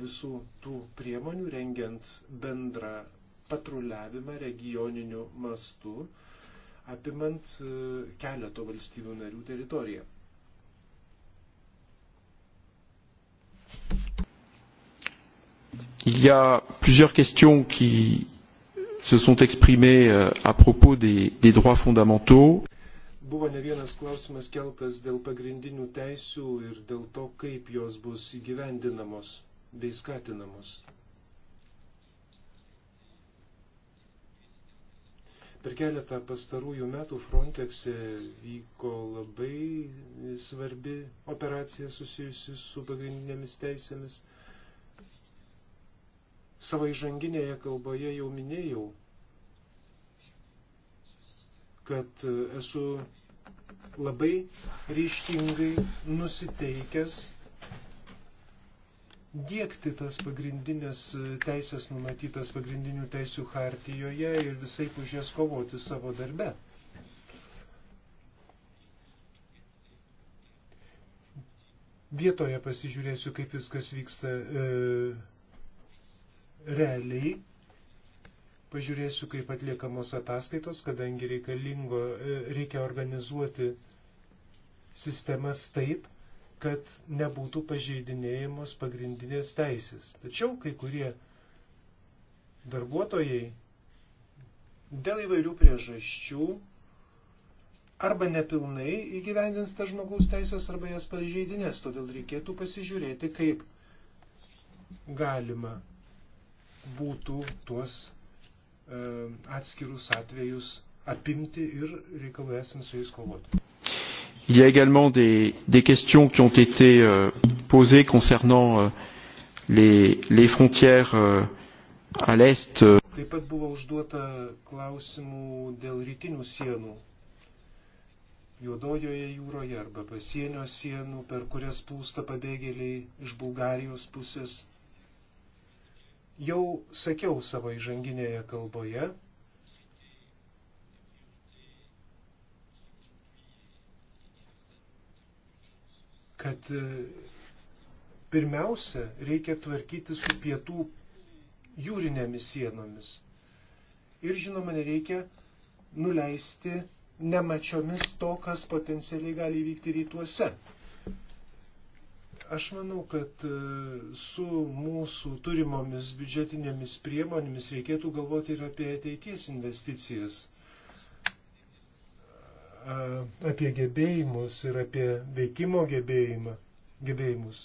visų tų priemonių, rengiant bendrą patruliavimą regioniniu mastu, apimant e, keleto valstybių narių teritoriją. Il y a plusieurs questions qui se sont exprimées euh, à propos des, des droits fondamentaux. Buvo ne vienas klausimas keltas dėl pagrindinių teisių ir dėl to, kaip jos bus įgyvendinamos bei skatinamos. Per keletą pastarųjų metų Frontexe vyko labai svarbi operacija susijusi su pagrindinėmis teisėmis. Savo įžanginėje kalboje jau minėjau, kad esu labai ryštingai nusiteikęs dėkti tas pagrindinės e, teisės numatytas pagrindinių teisių hartijoje ir visai už jas kovoti savo darbe. Vietoje pasižiūrėsiu, kaip viskas vyksta e, realiai. Pažiūrėsiu, kaip atliekamos ataskaitos, kadangi reikalingo, e, reikia organizuoti sistemas taip, kad nebūtų pažeidinėjimos pagrindinės teisės. Tačiau kai kurie darbuotojai dėl įvairių priežasčių arba nepilnai įgyvendins tas žmogaus teisės arba jas pažeidinės. Todėl reikėtų pasižiūrėti, kaip galima būtų tuos e, atskirus atvejus apimti ir reikalų esant su jais kovoti il y a également des, des questions qui ont été euh, posées concernant euh, les, les frontières euh, à l'est. Euh. Taip pat buvo užduota klausimų dėl rytinių sienų, juodojoje jūroje arba pasienio sienų, per kurias plūsta pabėgėliai iš Bulgarijos pusės. Jau sakiau savo įžanginėje kalboje, kad e, pirmiausia reikia tvarkyti su pietų jūrinėmis sienomis. Ir žinoma, nereikia nuleisti nemačiomis to, kas potencialiai gali vykti rytuose. Aš manau, kad e, su mūsų turimomis biudžetinėmis priemonėmis reikėtų galvoti ir apie ateities investicijas apie gebėjimus ir apie veikimo gebėjimą, gebėjimus.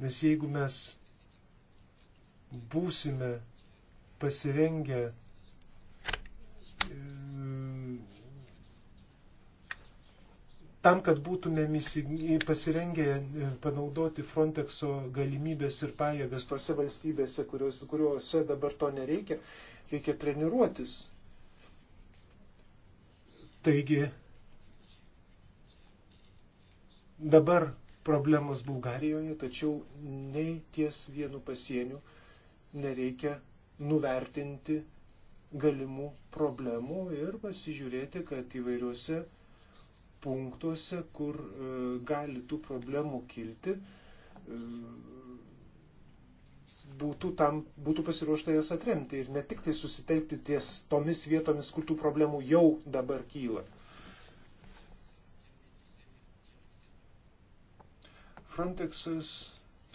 Nes jeigu mes būsime pasirengę e, tam, kad būtumėm pasirengę e, panaudoti Frontexo galimybės ir pajėgas tose valstybėse, kuriuose dabar to nereikia, reikia treniruotis. Taigi dabar problemos Bulgarijoje, tačiau nei ties vienu pasieniu nereikia nuvertinti galimų problemų ir pasižiūrėti, kad įvairiuose punktuose, kur e, gali tų problemų kilti, e, būtų, tam, būtų pasiruošta jas atremti ir ne tik tai susitelkti ties tomis vietomis, kur tų problemų jau dabar kyla. Frontexas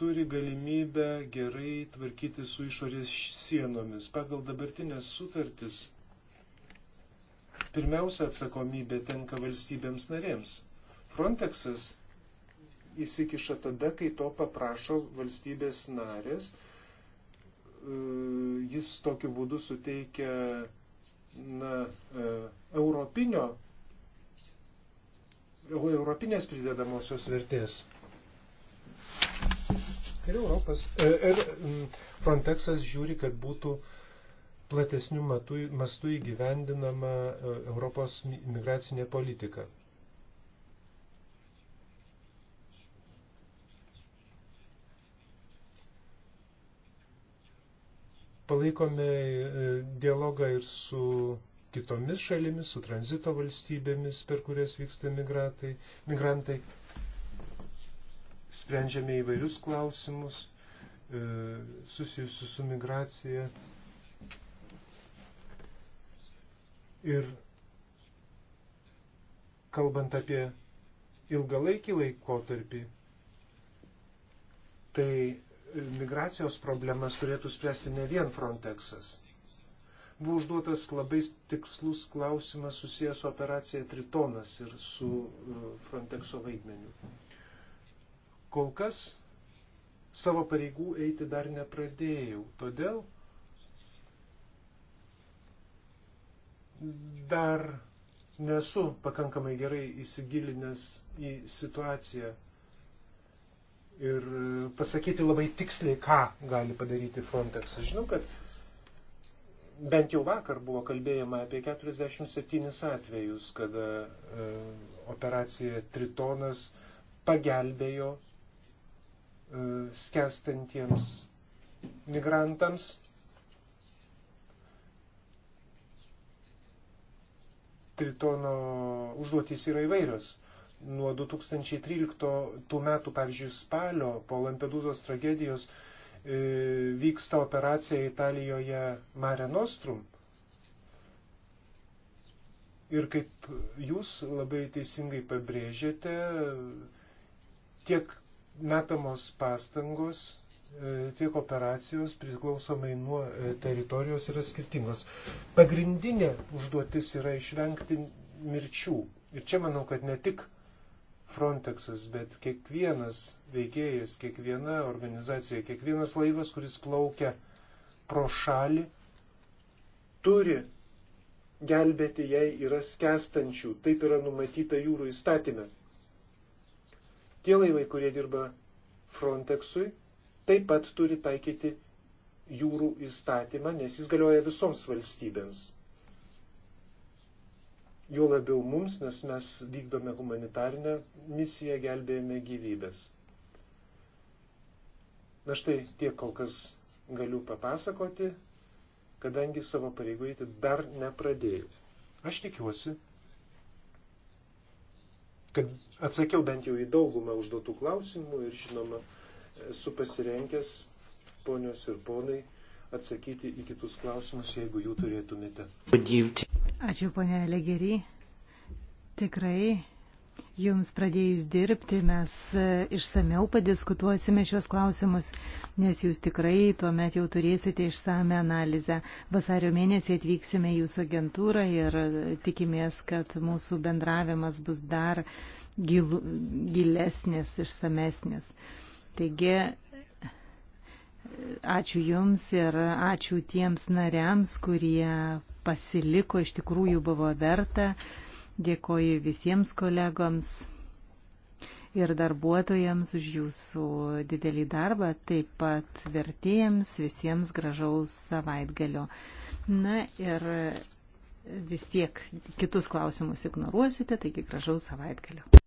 turi galimybę gerai tvarkyti su išorės sienomis. Pagal dabartinės sutartis pirmiausia atsakomybė tenka valstybėms narėms. Frontexas įsikiša tada, kai to paprašo valstybės narės E, jis tokiu būdu suteikia na, e, europinio, europinės pridedamosios vertės. Ir, Europas, e, ir Frontexas žiūri, kad būtų platesnių mastų įgyvendinama Europos migracinė politika. Palaikome e, dialogą ir su kitomis šalimis, su tranzito valstybėmis, per kurias vyksta migratai, migrantai. Sprendžiame įvairius klausimus e, susijusius su migracija. Ir kalbant apie ilgalaikį laikotarpį, tai migracijos problemas turėtų spręsti ne vien Frontexas. Buvo užduotas labai tikslus klausimas susijęs su operacija Tritonas ir su e, Frontexo vaidmeniu. Kol kas savo pareigų eiti dar nepradėjau, todėl dar nesu pakankamai gerai įsigilinęs į situaciją ir pasakyti labai tiksliai, ką gali padaryti Frontex. Aš žinau, kad bent jau vakar buvo kalbėjama apie 47 atvejus, kada e, operacija Tritonas pagelbėjo e, skestantiems migrantams. Tritono užduotys yra įvairios. E, Nuo 2013 metų, pavyzdžiui, spalio po Lampedūzos tragedijos e, vyksta operacija Italijoje Mare Nostrum. Ir kaip jūs labai teisingai pabrėžėte, tiek metamos pastangos, e, tiek operacijos priklausomai nuo e, teritorijos yra skirtingos. Pagrindinė užduotis yra išvengti mirčių. Ir čia manau, kad ne tik Frontexas, bet kiekvienas veikėjas, kiekviena organizacija, kiekvienas laivas, kuris plaukia pro šalį, turi gelbėti, jei yra skestančių. Taip yra numatyta jūrų įstatymė. Tie laivai, kurie dirba Frontexui, taip pat turi taikyti jūrų įstatymą, nes jis galioja visoms valstybėms. Jų labiau mums, nes mes vykdome humanitarinę misiją, gelbėjame gyvybės. Na štai tiek kol kas galiu papasakoti, kadangi savo pareigų eiti dar nepradėjau. Aš tikiuosi, kad atsakiau bent jau į daugumą užduotų klausimų ir žinoma, esu pasirengęs, ponios ir ponai, atsakyti į kitus klausimus, jeigu jų turėtumėte. Ačiū, ponė Legery. Tikrai Jums pradėjus dirbti mes e, išsameu padiskutuosime šios klausimus, nes jūs tikrai tuomet jau turėsite išsame analizę. Vasario mėnesį atvyksime jūsų agentūrą ir e, tikimės, kad mūsų bendravimas bus dar gilu, gilesnis, išsamesnis. Taigi Ačiū Jums ir ačiū tiems nariams, kurie pasiliko, iš tikrųjų buvo verta. Dėkoju visiems kolegoms ir darbuotojams už Jūsų didelį darbą, taip pat vertėjams, visiems gražaus savaitgalio. Na ir vis tiek kitus klausimus ignoruosite, taigi gražaus savaitgalio.